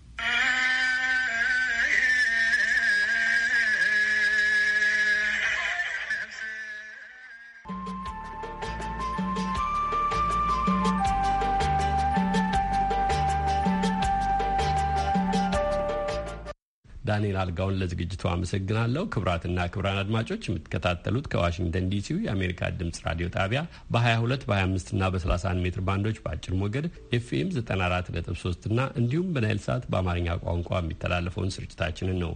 A: ዳንኤል አልጋውን ለዝግጅቱ አመሰግናለሁ። ክቡራትና ክቡራን አድማጮች የምትከታተሉት ከዋሽንግተን ዲሲው የአሜሪካ ድምጽ ራዲዮ ጣቢያ በ22 በ25 እና በ31 ሜትር ባንዶች በአጭር ሞገድ ኤፍኤም 943 እና እንዲሁም በናይል ሰዓት በአማርኛ ቋንቋ የሚተላለፈውን ስርጭታችንን ነው።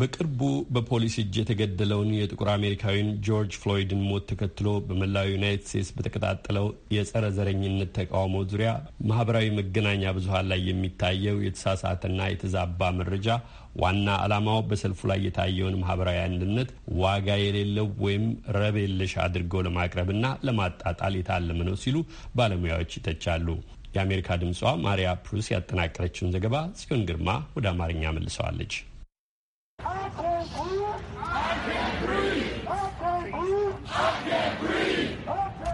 A: በቅርቡ በፖሊስ እጅ የተገደለውን የጥቁር አሜሪካዊን ጆርጅ ፍሎይድን ሞት ተከትሎ በመላው ዩናይትድ ስቴትስ በተቀጣጠለው የጸረ ዘረኝነት ተቃውሞ ዙሪያ ማህበራዊ መገናኛ ብዙሀን ላይ የሚታየው የተሳሳተና የተዛባ መረጃ ዋና ዓላማው በሰልፉ ላይ የታየውን ማህበራዊ አንድነት ዋጋ የሌለው ወይም ረብ የለሽ አድርገው ለማቅረብና ለማጣጣል የታለመ ነው ሲሉ ባለሙያዎች ይተቻሉ። የአሜሪካ ድምጿ ማሪያ ፕሩስ ያጠናቀረችውን ዘገባ ጽዮን ግርማ ወደ አማርኛ መልሰዋለች።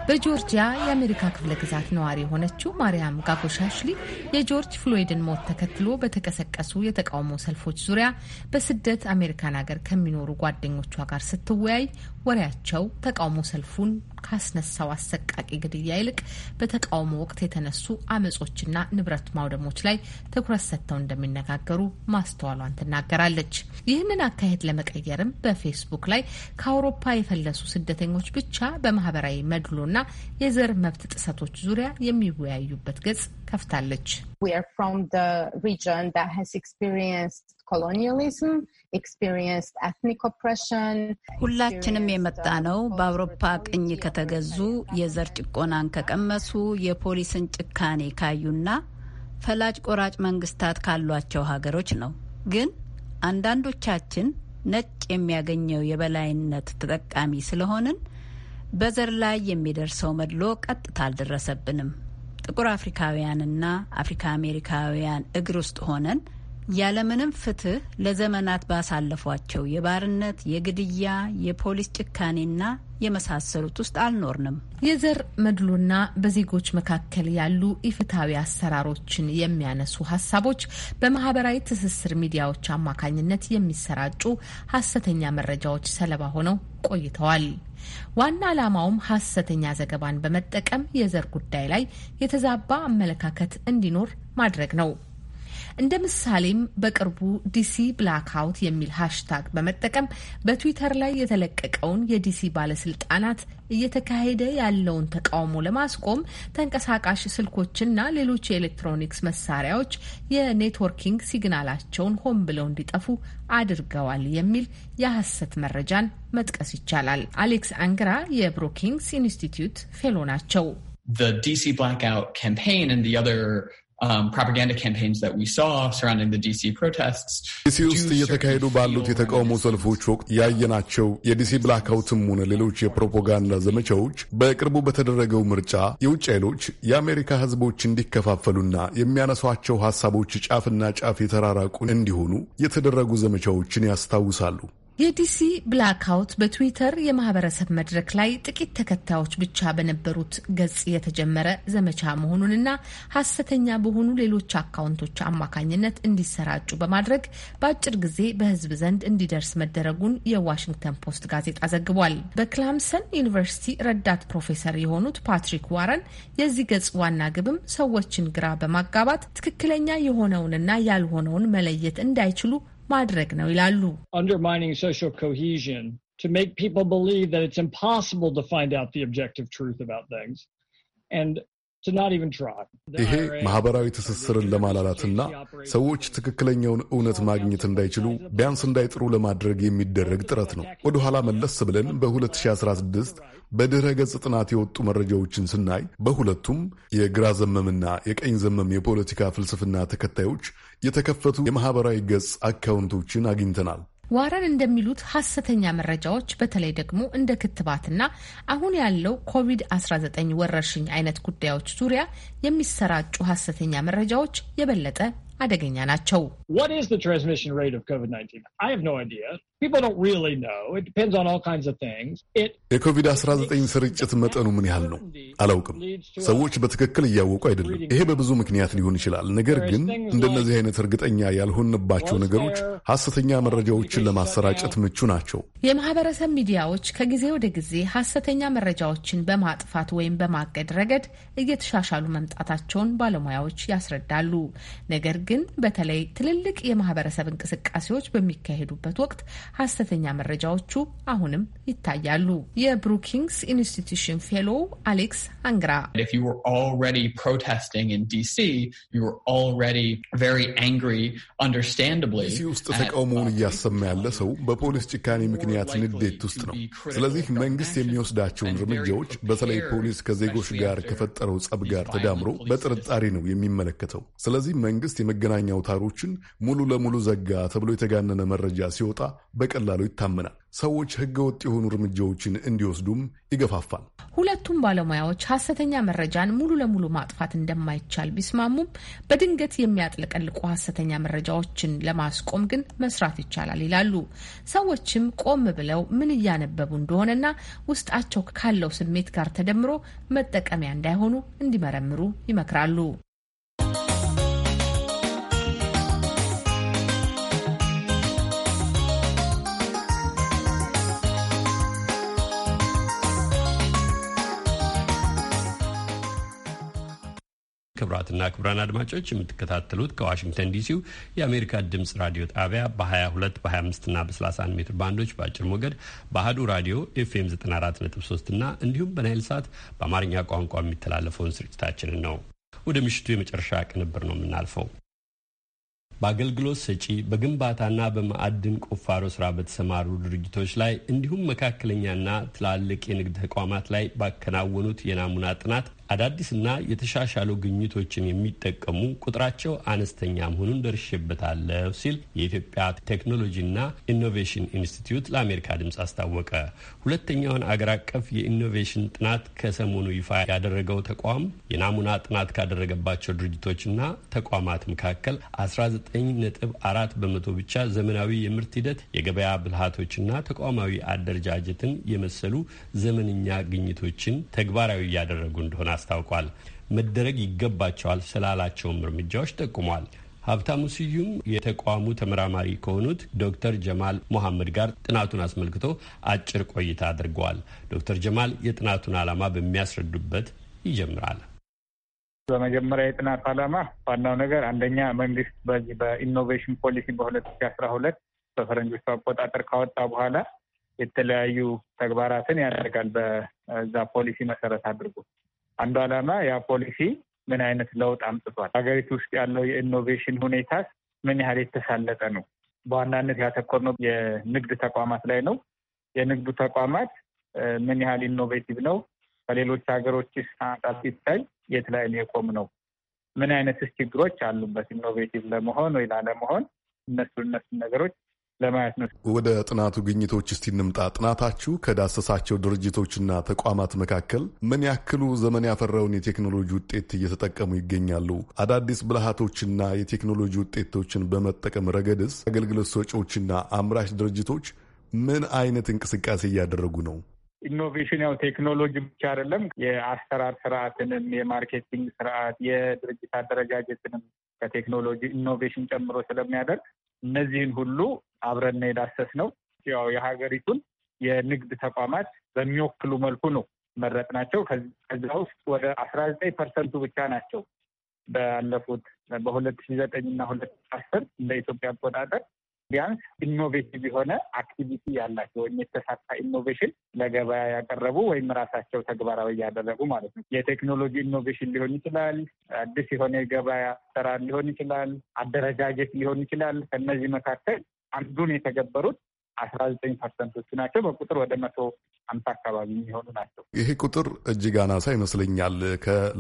E: በጆርጂያ የአሜሪካ ክፍለ ግዛት ነዋሪ የሆነችው ማርያም ጋጎሻሽሊ የጆርጅ ፍሎይድን ሞት ተከትሎ በተቀሰቀሱ የተቃውሞ ሰልፎች ዙሪያ በስደት አሜሪካን ሀገር ከሚኖሩ ጓደኞቿ ጋር ስትወያይ ወሬያቸው ተቃውሞ ሰልፉን ካስነሳው አሰቃቂ ግድያ ይልቅ በተቃውሞ ወቅት የተነሱ አመጾችና ንብረት ማውደሞች ላይ ትኩረት ሰጥተው እንደሚነጋገሩ ማስተዋሏን ትናገራለች። ይህንን አካሄድ ለመቀየርም በፌስቡክ ላይ ከአውሮፓ የፈለሱ ስደተኞች ብቻ በማህበራዊ መድሎና የዘር መብት ጥሰቶች ዙሪያ የሚወያዩበት ገጽ ከፍታለች።
C: ሁላችንም uh, የመጣ ነው በአውሮፓ ቅኝ ከተገዙ የዘር ጭቆናን ከቀመሱ የፖሊስን ጭካኔ ካዩና ፈላጭ ቆራጭ መንግስታት ካሏቸው ሀገሮች ነው። ግን አንዳንዶቻችን ነጭ የሚያገኘው የበላይነት ተጠቃሚ ስለሆንን በዘር ላይ የሚደርሰው መድሎ ቀጥታ አልደረሰብንም። ጥቁር አፍሪካውያንና አፍሪካ አሜሪካውያን እግር ውስጥ ሆነን ያለምንም ፍትህ ለዘመናት ባሳለፏቸው የባርነት፣ የግድያ፣ የፖሊስ ጭካኔና የመሳሰሉት ውስጥ አልኖርንም።
E: የዘር መድሎና በዜጎች መካከል ያሉ ኢፍትሐዊ አሰራሮችን የሚያነሱ ሀሳቦች በማህበራዊ ትስስር ሚዲያዎች አማካኝነት የሚሰራጩ ሀሰተኛ መረጃዎች ሰለባ ሆነው ቆይተዋል። ዋና ዓላማውም ሀሰተኛ ዘገባን በመጠቀም የዘር ጉዳይ ላይ የተዛባ አመለካከት እንዲኖር ማድረግ ነው። እንደ ምሳሌም በቅርቡ ዲሲ ብላክአውት የሚል ሃሽታግ በመጠቀም በትዊተር ላይ የተለቀቀውን የዲሲ ባለስልጣናት እየተካሄደ ያለውን ተቃውሞ ለማስቆም ተንቀሳቃሽ ስልኮችና ሌሎች የኤሌክትሮኒክስ መሳሪያዎች የኔትወርኪንግ ሲግናላቸውን ሆን ብለው እንዲጠፉ አድርገዋል የሚል የሐሰት መረጃን መጥቀስ ይቻላል። አሌክስ አንግራ የብሮኪንግስ ኢንስቲትዩት ፌሎ ናቸው።
N: The DC blackout campaign and the other ዲሲ um,
D: ውስጥ እየተካሄዱ ባሉት የተቃውሞ ሰልፎች ወቅት ያየናቸው የዲሲ ብላክአውትም ሆነ ሌሎች የፕሮፓጋንዳ ዘመቻዎች በቅርቡ በተደረገው ምርጫ የውጭ ኃይሎች የአሜሪካ ሕዝቦች እንዲከፋፈሉና የሚያነሷቸው ሀሳቦች ጫፍና ጫፍ የተራራቁ እንዲሆኑ የተደረጉ ዘመቻዎችን ያስታውሳሉ።
E: የዲሲ ብላክአውት በትዊተር የማህበረሰብ መድረክ ላይ ጥቂት ተከታዮች ብቻ በነበሩት ገጽ የተጀመረ ዘመቻ መሆኑንና ሀሰተኛ በሆኑ ሌሎች አካውንቶች አማካኝነት እንዲሰራጩ በማድረግ በአጭር ጊዜ በሕዝብ ዘንድ እንዲደርስ መደረጉን የዋሽንግተን ፖስት ጋዜጣ ዘግቧል። በክላምሰን ዩኒቨርሲቲ ረዳት ፕሮፌሰር የሆኑት ፓትሪክ ዋረን የዚህ ገጽ ዋና ግብም ሰዎችን ግራ በማጋባት ትክክለኛ የሆነውንና ያልሆነውን መለየት እንዳይችሉ ማድረግ ነው ይላሉ።
N: to make people believe that it's impossible to find out the objective truth about things. And
D: ይሄ ማህበራዊ ትስስርን ለማላላትና ሰዎች ትክክለኛውን እውነት ማግኘት እንዳይችሉ ቢያንስ እንዳይጥሩ ለማድረግ የሚደረግ ጥረት ነው። ወደ ኋላ መለስ ብለን በ2016 በድረ ገጽ ጥናት የወጡ መረጃዎችን ስናይ በሁለቱም የግራ ዘመምና የቀኝ ዘመም የፖለቲካ ፍልስፍና ተከታዮች የተከፈቱ የማህበራዊ ገጽ አካውንቶችን አግኝተናል።
E: ዋረን እንደሚሉት ሀሰተኛ መረጃዎች በተለይ ደግሞ እንደ ክትባትና አሁን ያለው ኮቪድ-19 ወረርሽኝ አይነት ጉዳዮች ዙሪያ የሚሰራጩ ሀሰተኛ መረጃዎች የበለጠ አደገኛ ናቸው።
D: የኮቪድ-19 ስርጭት መጠኑ ምን ያህል ነው አላውቅም። ሰዎች በትክክል እያወቁ አይደለም። ይሄ በብዙ ምክንያት ሊሆን ይችላል። ነገር ግን እንደነዚህ አይነት እርግጠኛ ያልሆንባቸው ነገሮች ሐሰተኛ መረጃዎችን ለማሰራጨት ምቹ ናቸው።
E: የማህበረሰብ ሚዲያዎች ከጊዜ ወደ ጊዜ ሐሰተኛ መረጃዎችን በማጥፋት ወይም በማገድ ረገድ እየተሻሻሉ መምጣታቸውን ባለሙያዎች ያስረዳሉ። ነገር ግን በተለይ ትልልቅ የማህበረሰብ እንቅስቃሴዎች በሚካሄዱበት ወቅት ሀሰተኛ መረጃዎቹ አሁንም ይታያሉ። የብሩኪንግስ ኢንስቲትዩሽን ፌሎው አሌክስ አንግራ
N: ዲሲ ውስጥ ተቃውሞውን
D: እያሰማ ያለ ሰው በፖሊስ ጭካኔ ምክንያት ንዴት ውስጥ ነው። ስለዚህ መንግስት የሚወስዳቸውን እርምጃዎች በተለይ ፖሊስ ከዜጎች ጋር ከፈጠረው ጸብ ጋር ተዳምሮ በጥርጣሬ ነው የሚመለከተው። ስለዚህ መንግስት የመገናኛ አውታሮችን ሙሉ ለሙሉ ዘጋ ተብሎ የተጋነነ መረጃ ሲወጣ በቀላሉ ይታመናል። ሰዎች ህገወጥ የሆኑ እርምጃዎችን እንዲወስዱም ይገፋፋል።
L: ሁለቱም
E: ባለሙያዎች ሐሰተኛ መረጃን ሙሉ ለሙሉ ማጥፋት እንደማይቻል ቢስማሙም በድንገት የሚያጥለቀልቁ ሐሰተኛ መረጃዎችን ለማስቆም ግን መስራት ይቻላል ይላሉ። ሰዎችም ቆም ብለው ምን እያነበቡ እንደሆነና ውስጣቸው ካለው ስሜት ጋር ተደምሮ መጠቀሚያ እንዳይሆኑ እንዲመረምሩ ይመክራሉ።
A: ክቡራትና ክብራን አድማጮች የምትከታተሉት ከዋሽንግተን ዲሲው የአሜሪካ ድምጽ ራዲዮ ጣቢያ በ22 በ25 እና በ31 ሜትር ባንዶች በአጭር ሞገድ በአህዱ ራዲዮ ኤፍኤም 943 እና እንዲሁም በናይል ሳት በአማርኛ ቋንቋ የሚተላለፈውን ስርጭታችንን ነው። ወደ ምሽቱ የመጨረሻ ቅንብር ነው የምናልፈው። በአገልግሎት ሰጪ በግንባታና በማዕድን ቁፋሮ ስራ በተሰማሩ ድርጅቶች ላይ እንዲሁም መካከለኛና ትላልቅ የንግድ ተቋማት ላይ ባከናወኑት የናሙና ጥናት አዳዲስና የተሻሻሉ ግኝቶችን የሚጠቀሙ ቁጥራቸው አነስተኛ መሆኑን ደርሼበታለሁ ሲል የኢትዮጵያ ቴክኖሎጂና ኢኖቬሽን ኢንስቲትዩት ለአሜሪካ ድምፅ አስታወቀ። ሁለተኛውን አገር አቀፍ የኢኖቬሽን ጥናት ከሰሞኑ ይፋ ያደረገው ተቋም የናሙና ጥናት ካደረገባቸው ድርጅቶችና ተቋማት መካከል 19.4 በመቶ ብቻ ዘመናዊ የምርት ሂደት የገበያ ብልሃቶችና ተቋማዊ አደረጃጀትን የመሰሉ ዘመንኛ ግኝቶችን ተግባራዊ እያደረጉ እንደሆነ አስታውቋል። መደረግ ይገባቸዋል ስላላቸውም እርምጃዎች ጠቁሟል። ሀብታሙ ስዩም የተቋሙ ተመራማሪ ከሆኑት ዶክተር ጀማል ሞሐመድ ጋር ጥናቱን አስመልክቶ አጭር ቆይታ አድርገዋል። ዶክተር ጀማል የጥናቱን ዓላማ በሚያስረዱበት ይጀምራል።
Q: በመጀመሪያ የጥናቱ ዓላማ ዋናው ነገር አንደኛ መንግስት በዚህ በኢኖቬሽን ፖሊሲ በሁለት ሺ አስራ ሁለት በፈረንጆች አቆጣጠር ካወጣ በኋላ የተለያዩ ተግባራትን ያደርጋል በዛ ፖሊሲ መሰረት አድርጎ አንዱ ዓላማ ያ ፖሊሲ ምን አይነት ለውጥ አምጥቷል፣ ሀገሪቱ ውስጥ ያለው የኢኖቬሽን ሁኔታ ምን ያህል የተሳለጠ ነው። በዋናነት ያተኮርነው የንግድ ተቋማት ላይ ነው። የንግዱ ተቋማት ምን ያህል ኢኖቬቲቭ ነው፣ ከሌሎች ሀገሮች አንጻር ሲታይ የት ላይ ነው የቆም ነው፣ ምን አይነትስ ችግሮች አሉበት ኢኖቬቲቭ ለመሆን ወይ ላለመሆን እነሱ እነሱን ነገሮች ለማየት ነው። ወደ
D: ጥናቱ ግኝቶች እስቲ እንምጣ። ጥናታችሁ ከዳሰሳቸው ድርጅቶችና ተቋማት መካከል ምን ያክሉ ዘመን ያፈራውን የቴክኖሎጂ ውጤት እየተጠቀሙ ይገኛሉ? አዳዲስ ብልሃቶችና የቴክኖሎጂ ውጤቶችን በመጠቀም ረገድስ አገልግሎት ሰጪዎችና አምራች ድርጅቶች ምን አይነት እንቅስቃሴ እያደረጉ ነው?
Q: ኢኖቬሽን ያው ቴክኖሎጂ ብቻ አይደለም። የአሰራር ስርዓትንም፣ የማርኬቲንግ ስርዓት፣ የድርጅት አደረጃጀትንም ከቴክኖሎጂ ኢኖቬሽን ጨምሮ ስለሚያደርግ እነዚህን ሁሉ አብረን የዳሰስ ነው። ያው የሀገሪቱን የንግድ ተቋማት በሚወክሉ መልኩ ነው መረጥ ናቸው። ከዛ ውስጥ ወደ አስራ ዘጠኝ ፐርሰንቱ ብቻ ናቸው ባለፉት በሁለት ሺ ዘጠኝ እና ሁለት ሺ አስር እንደ ኢትዮጵያ አቆጣጠር ቢያንስ ኢኖቬቲቭ የሆነ አክቲቪቲ ያላቸው ወይም የተሳካ ኢኖቬሽን ለገበያ ያቀረቡ ወይም ራሳቸው ተግባራዊ እያደረጉ ማለት ነው። የቴክኖሎጂ ኢኖቬሽን ሊሆን ይችላል፣ አዲስ የሆነ የገበያ ስራ ሊሆን ይችላል፣ አደረጃጀት ሊሆን ይችላል። ከእነዚህ መካከል አንዱን የተገበሩት አስራ ዘጠኝ ፐርሰንቶች ናቸው። በቁጥር ወደ መቶ አምሳ አካባቢ የሚሆኑ ናቸው።
D: ይሄ ቁጥር እጅግ አናሳ ይመስለኛል።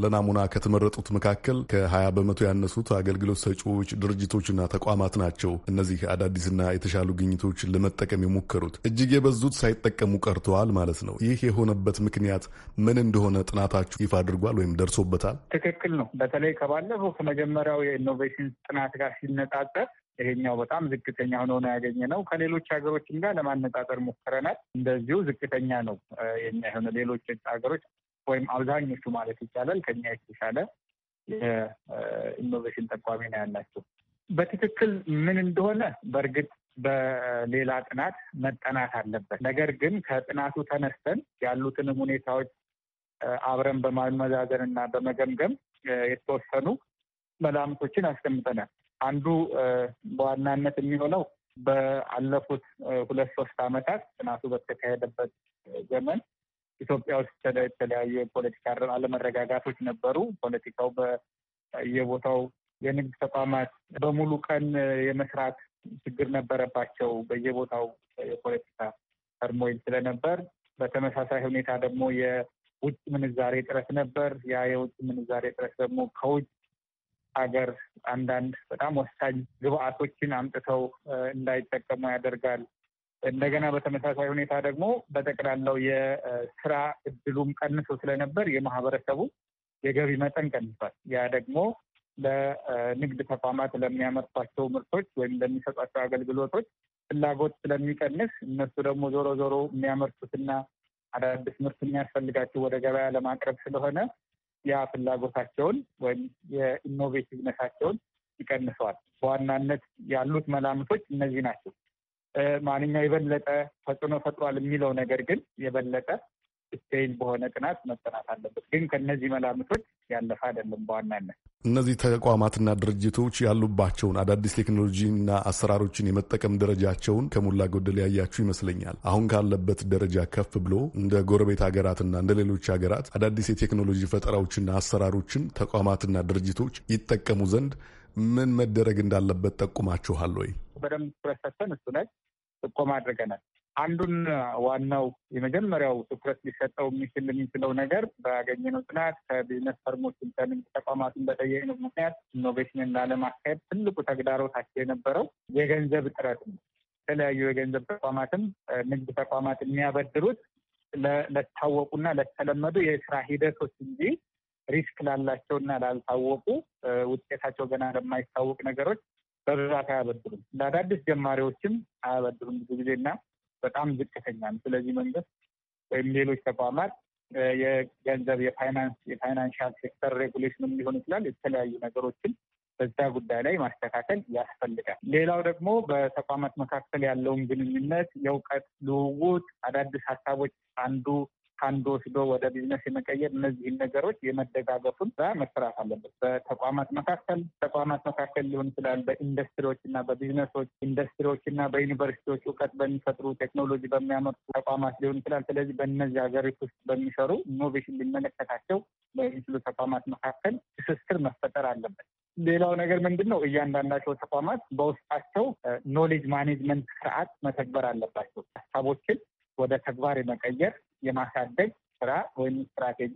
D: ለናሙና ከተመረጡት መካከል ከሀያ በመቶ ያነሱት አገልግሎት ሰጪዎች ድርጅቶችና ተቋማት ናቸው። እነዚህ አዳዲስና የተሻሉ ግኝቶች ለመጠቀም የሞከሩት እጅግ የበዙት ሳይጠቀሙ ቀርተዋል ማለት ነው። ይህ የሆነበት ምክንያት ምን እንደሆነ ጥናታችሁ ይፋ አድርጓል ወይም ደርሶበታል?
Q: ትክክል ነው። በተለይ ከባለፈው ከመጀመሪያው የኢኖቬሽን ጥናት ጋር ሲነጣጠር ይሄኛው በጣም ዝቅተኛ ሆኖ ነው ያገኘ ነው። ከሌሎች ሀገሮችም ጋር ለማነጻጸር ሞክረናል። እንደዚሁ ዝቅተኛ ነው የኛ የሆነ ሌሎች ሀገሮች ወይም አብዛኞቹ ማለት ይቻላል ከኛ የተሻለ የኢኖቬሽን ተቋሚ ነው ያላቸው። በትክክል ምን እንደሆነ በእርግጥ በሌላ ጥናት መጠናት አለበት። ነገር ግን ከጥናቱ ተነስተን ያሉትንም ሁኔታዎች አብረን በማመዛዘን እና በመገምገም የተወሰኑ መላምቶችን አስቀምጠናል። አንዱ በዋናነት የሚሆነው በአለፉት ሁለት ሶስት ዓመታት ጥናቱ በተካሄደበት ዘመን ኢትዮጵያ ውስጥ የተለያዩ የፖለቲካ አለመረጋጋቶች ነበሩ። ፖለቲካው በየቦታው የንግድ ተቋማት በሙሉ ቀን የመስራት ችግር ነበረባቸው። በየቦታው የፖለቲካ ተርሞይል ስለነበር፣ በተመሳሳይ ሁኔታ ደግሞ የውጭ ምንዛሬ ጥረት ነበር። ያ የውጭ ምንዛሬ ጥረት ደግሞ ከውጭ ሀገር አንዳንድ በጣም ወሳኝ ግብአቶችን አምጥተው እንዳይጠቀሙ ያደርጋል። እንደገና በተመሳሳይ ሁኔታ ደግሞ በጠቅላላው የስራ እድሉም ቀንሶ ስለነበር የማህበረሰቡ የገቢ መጠን ቀንሷል። ያ ደግሞ ለንግድ ተቋማት ለሚያመርቷቸው ምርቶች ወይም ለሚሰጧቸው አገልግሎቶች ፍላጎት ስለሚቀንስ እነሱ ደግሞ ዞሮ ዞሮ የሚያመርቱትና አዳዲስ ምርት የሚያስፈልጋቸው ወደ ገበያ ለማቅረብ ስለሆነ ያ ፍላጎታቸውን ወይም የኢኖቬቲቭነታቸውን ይቀንሰዋል። በዋናነት ያሉት መላምቶች እነዚህ ናቸው። ማንኛው የበለጠ ተጽዕኖ ፈጥሯል የሚለው ነገር ግን የበለጠ ዲቴይል በሆነ ጥናት መጠናት አለበት። ግን ከእነዚህ መላምቶች ያለፈ አይደለም። በዋናነት
D: እነዚህ ተቋማትና ድርጅቶች ያሉባቸውን አዳዲስ ቴክኖሎጂና አሰራሮችን የመጠቀም ደረጃቸውን ከሞላ ጎደል ያያችሁ ይመስለኛል። አሁን ካለበት ደረጃ ከፍ ብሎ እንደ ጎረቤት ሀገራትና እንደ ሌሎች ሀገራት አዳዲስ የቴክኖሎጂ ፈጠራዎችና አሰራሮችን ተቋማትና ድርጅቶች ይጠቀሙ ዘንድ ምን መደረግ እንዳለበት ጠቁማችኋል ወይ?
Q: በደንብ ትኩረት ሰጥተን እሱ ላይ ጥቆማ አድርገናል። አንዱን ዋናው የመጀመሪያው ትኩረት ሊሰጠው የሚችል የሚችለው ነገር ባገኘነው ጥናት ከቢዝነስ ፈርሞች ከንግድ ተቋማትን በጠየቅነው ምክንያት ኢኖቬሽንን ላለማካሄድ ትልቁ ተግዳሮታቸው የነበረው የገንዘብ እጥረት ነው። የተለያዩ የገንዘብ ተቋማትም ንግድ ተቋማት የሚያበድሩት ለታወቁና ለተለመዱ የስራ ሂደቶች እንጂ ሪስክ ላላቸውና ላልታወቁ ውጤታቸው ገና ለማይታወቅ ነገሮች በብዛት አያበድሩም። ለአዳዲስ ጀማሪዎችም አያበድሩም ብዙ እና በጣም ዝቅተኛ ነው። ስለዚህ መንግስት ወይም ሌሎች ተቋማት የገንዘብ የፋይናንስ የፋይናንሻል ሴክተር ሬጉሌሽንም ሊሆን ይችላል የተለያዩ ነገሮችን በዛ ጉዳይ ላይ ማስተካከል ያስፈልጋል። ሌላው ደግሞ በተቋማት መካከል ያለውን ግንኙነት፣ የእውቀት ልውውጥ፣ አዳዲስ ሀሳቦች አንዱ ከአንድ ወስዶ ወደ ቢዝነስ የመቀየር እነዚህን ነገሮች የመደጋገፉን ስራ መስራት አለበት። በተቋማት መካከል ተቋማት መካከል ሊሆን ይችላል፣ በኢንዱስትሪዎች እና በቢዝነሶች ኢንዱስትሪዎች እና በዩኒቨርሲቲዎች እውቀት በሚፈጥሩ ቴክኖሎጂ በሚያመርቱ ተቋማት ሊሆን ይችላል። ስለዚህ በእነዚህ ሀገሪት ውስጥ በሚሰሩ ኢኖቬሽን ሊመለከታቸው በሚችሉ ተቋማት መካከል ትስስር መፈጠር አለበት። ሌላው ነገር ምንድን ነው? እያንዳንዳቸው ተቋማት በውስጣቸው ኖሌጅ ማኔጅመንት ስርዓት መተግበር አለባቸው። ሀሳቦችን ወደ ተግባር የመቀየር የማሳደግ ስራ ወይም ስትራቴጂ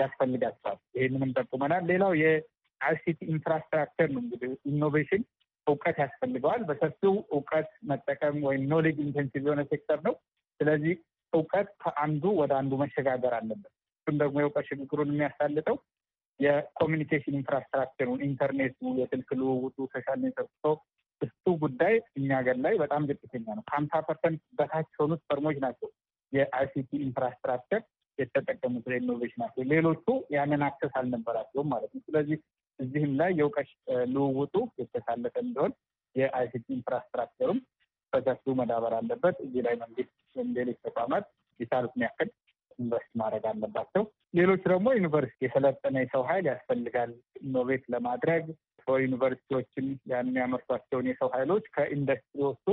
Q: ያስፈልጋቸዋል። ይህንንም ጠቁመናል። ሌላው የአይሲቲ ኢንፍራስትራክቸር ነው። እንግዲህ ኢኖቬሽን እውቀት ያስፈልገዋል። በሰፊው እውቀት መጠቀም ወይም ኖሌጅ ኢንቴንሲቭ የሆነ ሴክተር ነው። ስለዚህ እውቀት ከአንዱ ወደ አንዱ መሸጋገር አለበት። እሱም ደግሞ የእውቀት ሽግግሩን የሚያሳልጠው የኮሚኒኬሽን ኢንፍራስትራክቸሩን ኢንተርኔቱ፣ የስልክ ልውውጡ፣ ሶሻል ኔትወርክ እሱ ጉዳይ እኛ ገር ላይ በጣም ዝቅተኛ ነው። ከሀምሳ ፐርሰንት በታች የሆኑት ፈርሞች ናቸው የአይሲቲ ኢንፍራስትራክቸር የተጠቀሙት ለኢኖቬሽን ናቸው። ሌሎቹ ያንን አክሰስ አልነበራቸውም ማለት ነው። ስለዚህ እዚህም ላይ የእውቀት ልውውጡ የተሳለጠ እንዲሆን የአይሲቲ ኢንፍራስትራክቸሩም በሰፊው መዳበር አለበት። እዚህ ላይ መንግስት ወይም ሌሎች ተቋማት ሊሳሉትን ያክል ኢንቨስት ማድረግ አለባቸው። ሌሎች ደግሞ ዩኒቨርሲቲ የሰለጠነ የሰው ኃይል ያስፈልጋል ኢኖቬት ለማድረግ ዩኒቨርሲቲዎችን ያን ያመርቷቸውን የሰው ኃይሎች ከኢንዱስትሪዎቹ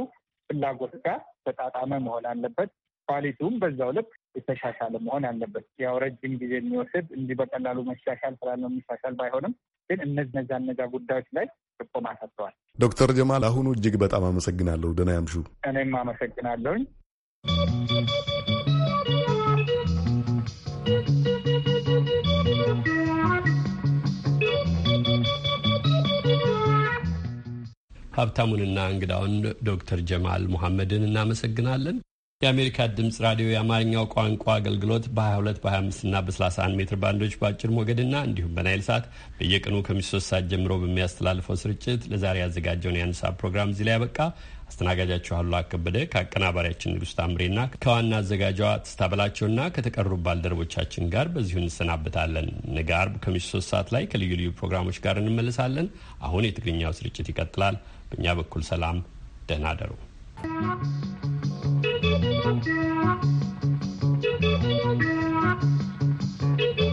Q: ፍላጎት ጋር ተጣጣመ መሆን አለበት። ኳሊቲውም በዛው ልክ የተሻሻለ መሆን አለበት። ያው ረጅም ጊዜ የሚወስድ እንዲህ በቀላሉ መሻሻል ስላለው የሚሻሻል ባይሆንም ግን እነዚህ ነዛ እነዛ ጉዳዮች ላይ ጥቆማ ሰጥተዋል።
D: ዶክተር ጀማል አሁኑ እጅግ በጣም አመሰግናለሁ። ደህና ያምሹ።
Q: እኔም አመሰግናለሁኝ።
A: ሀብታሙንና እንግዳውን ዶክተር ጀማል ሙሐመድን እናመሰግናለን። የአሜሪካ ድምፅ ራዲዮ የአማርኛው ቋንቋ አገልግሎት በ22 በ25ና በ31 ሜትር ባንዶች በአጭር ሞገድና እንዲሁም በናይል ሰዓት በየቀኑ ከምሽቱ ሶስት ሰዓት ጀምሮ በሚያስተላልፈው ስርጭት ለዛሬ ያዘጋጀውን የአንሳ ፕሮግራም እዚህ ላይ ያበቃ። አስተናጋጃችሁ አሉ አከበደ ከአቀናባሪያችን ንጉስ ታምሬና ከዋና አዘጋጇ ትስታበላቸውና ከተቀሩ ባልደረቦቻችን ጋር በዚሁ እንሰናበታለን። ነገ አርብ ከምሽቱ ሶስት ሰዓት ላይ ከልዩ ልዩ ፕሮግራሞች ጋር እንመልሳለን። አሁን የትግርኛው ስርጭት ይቀጥላል። በእኛ በኩል ሰላም፣ ደህና ደሩ።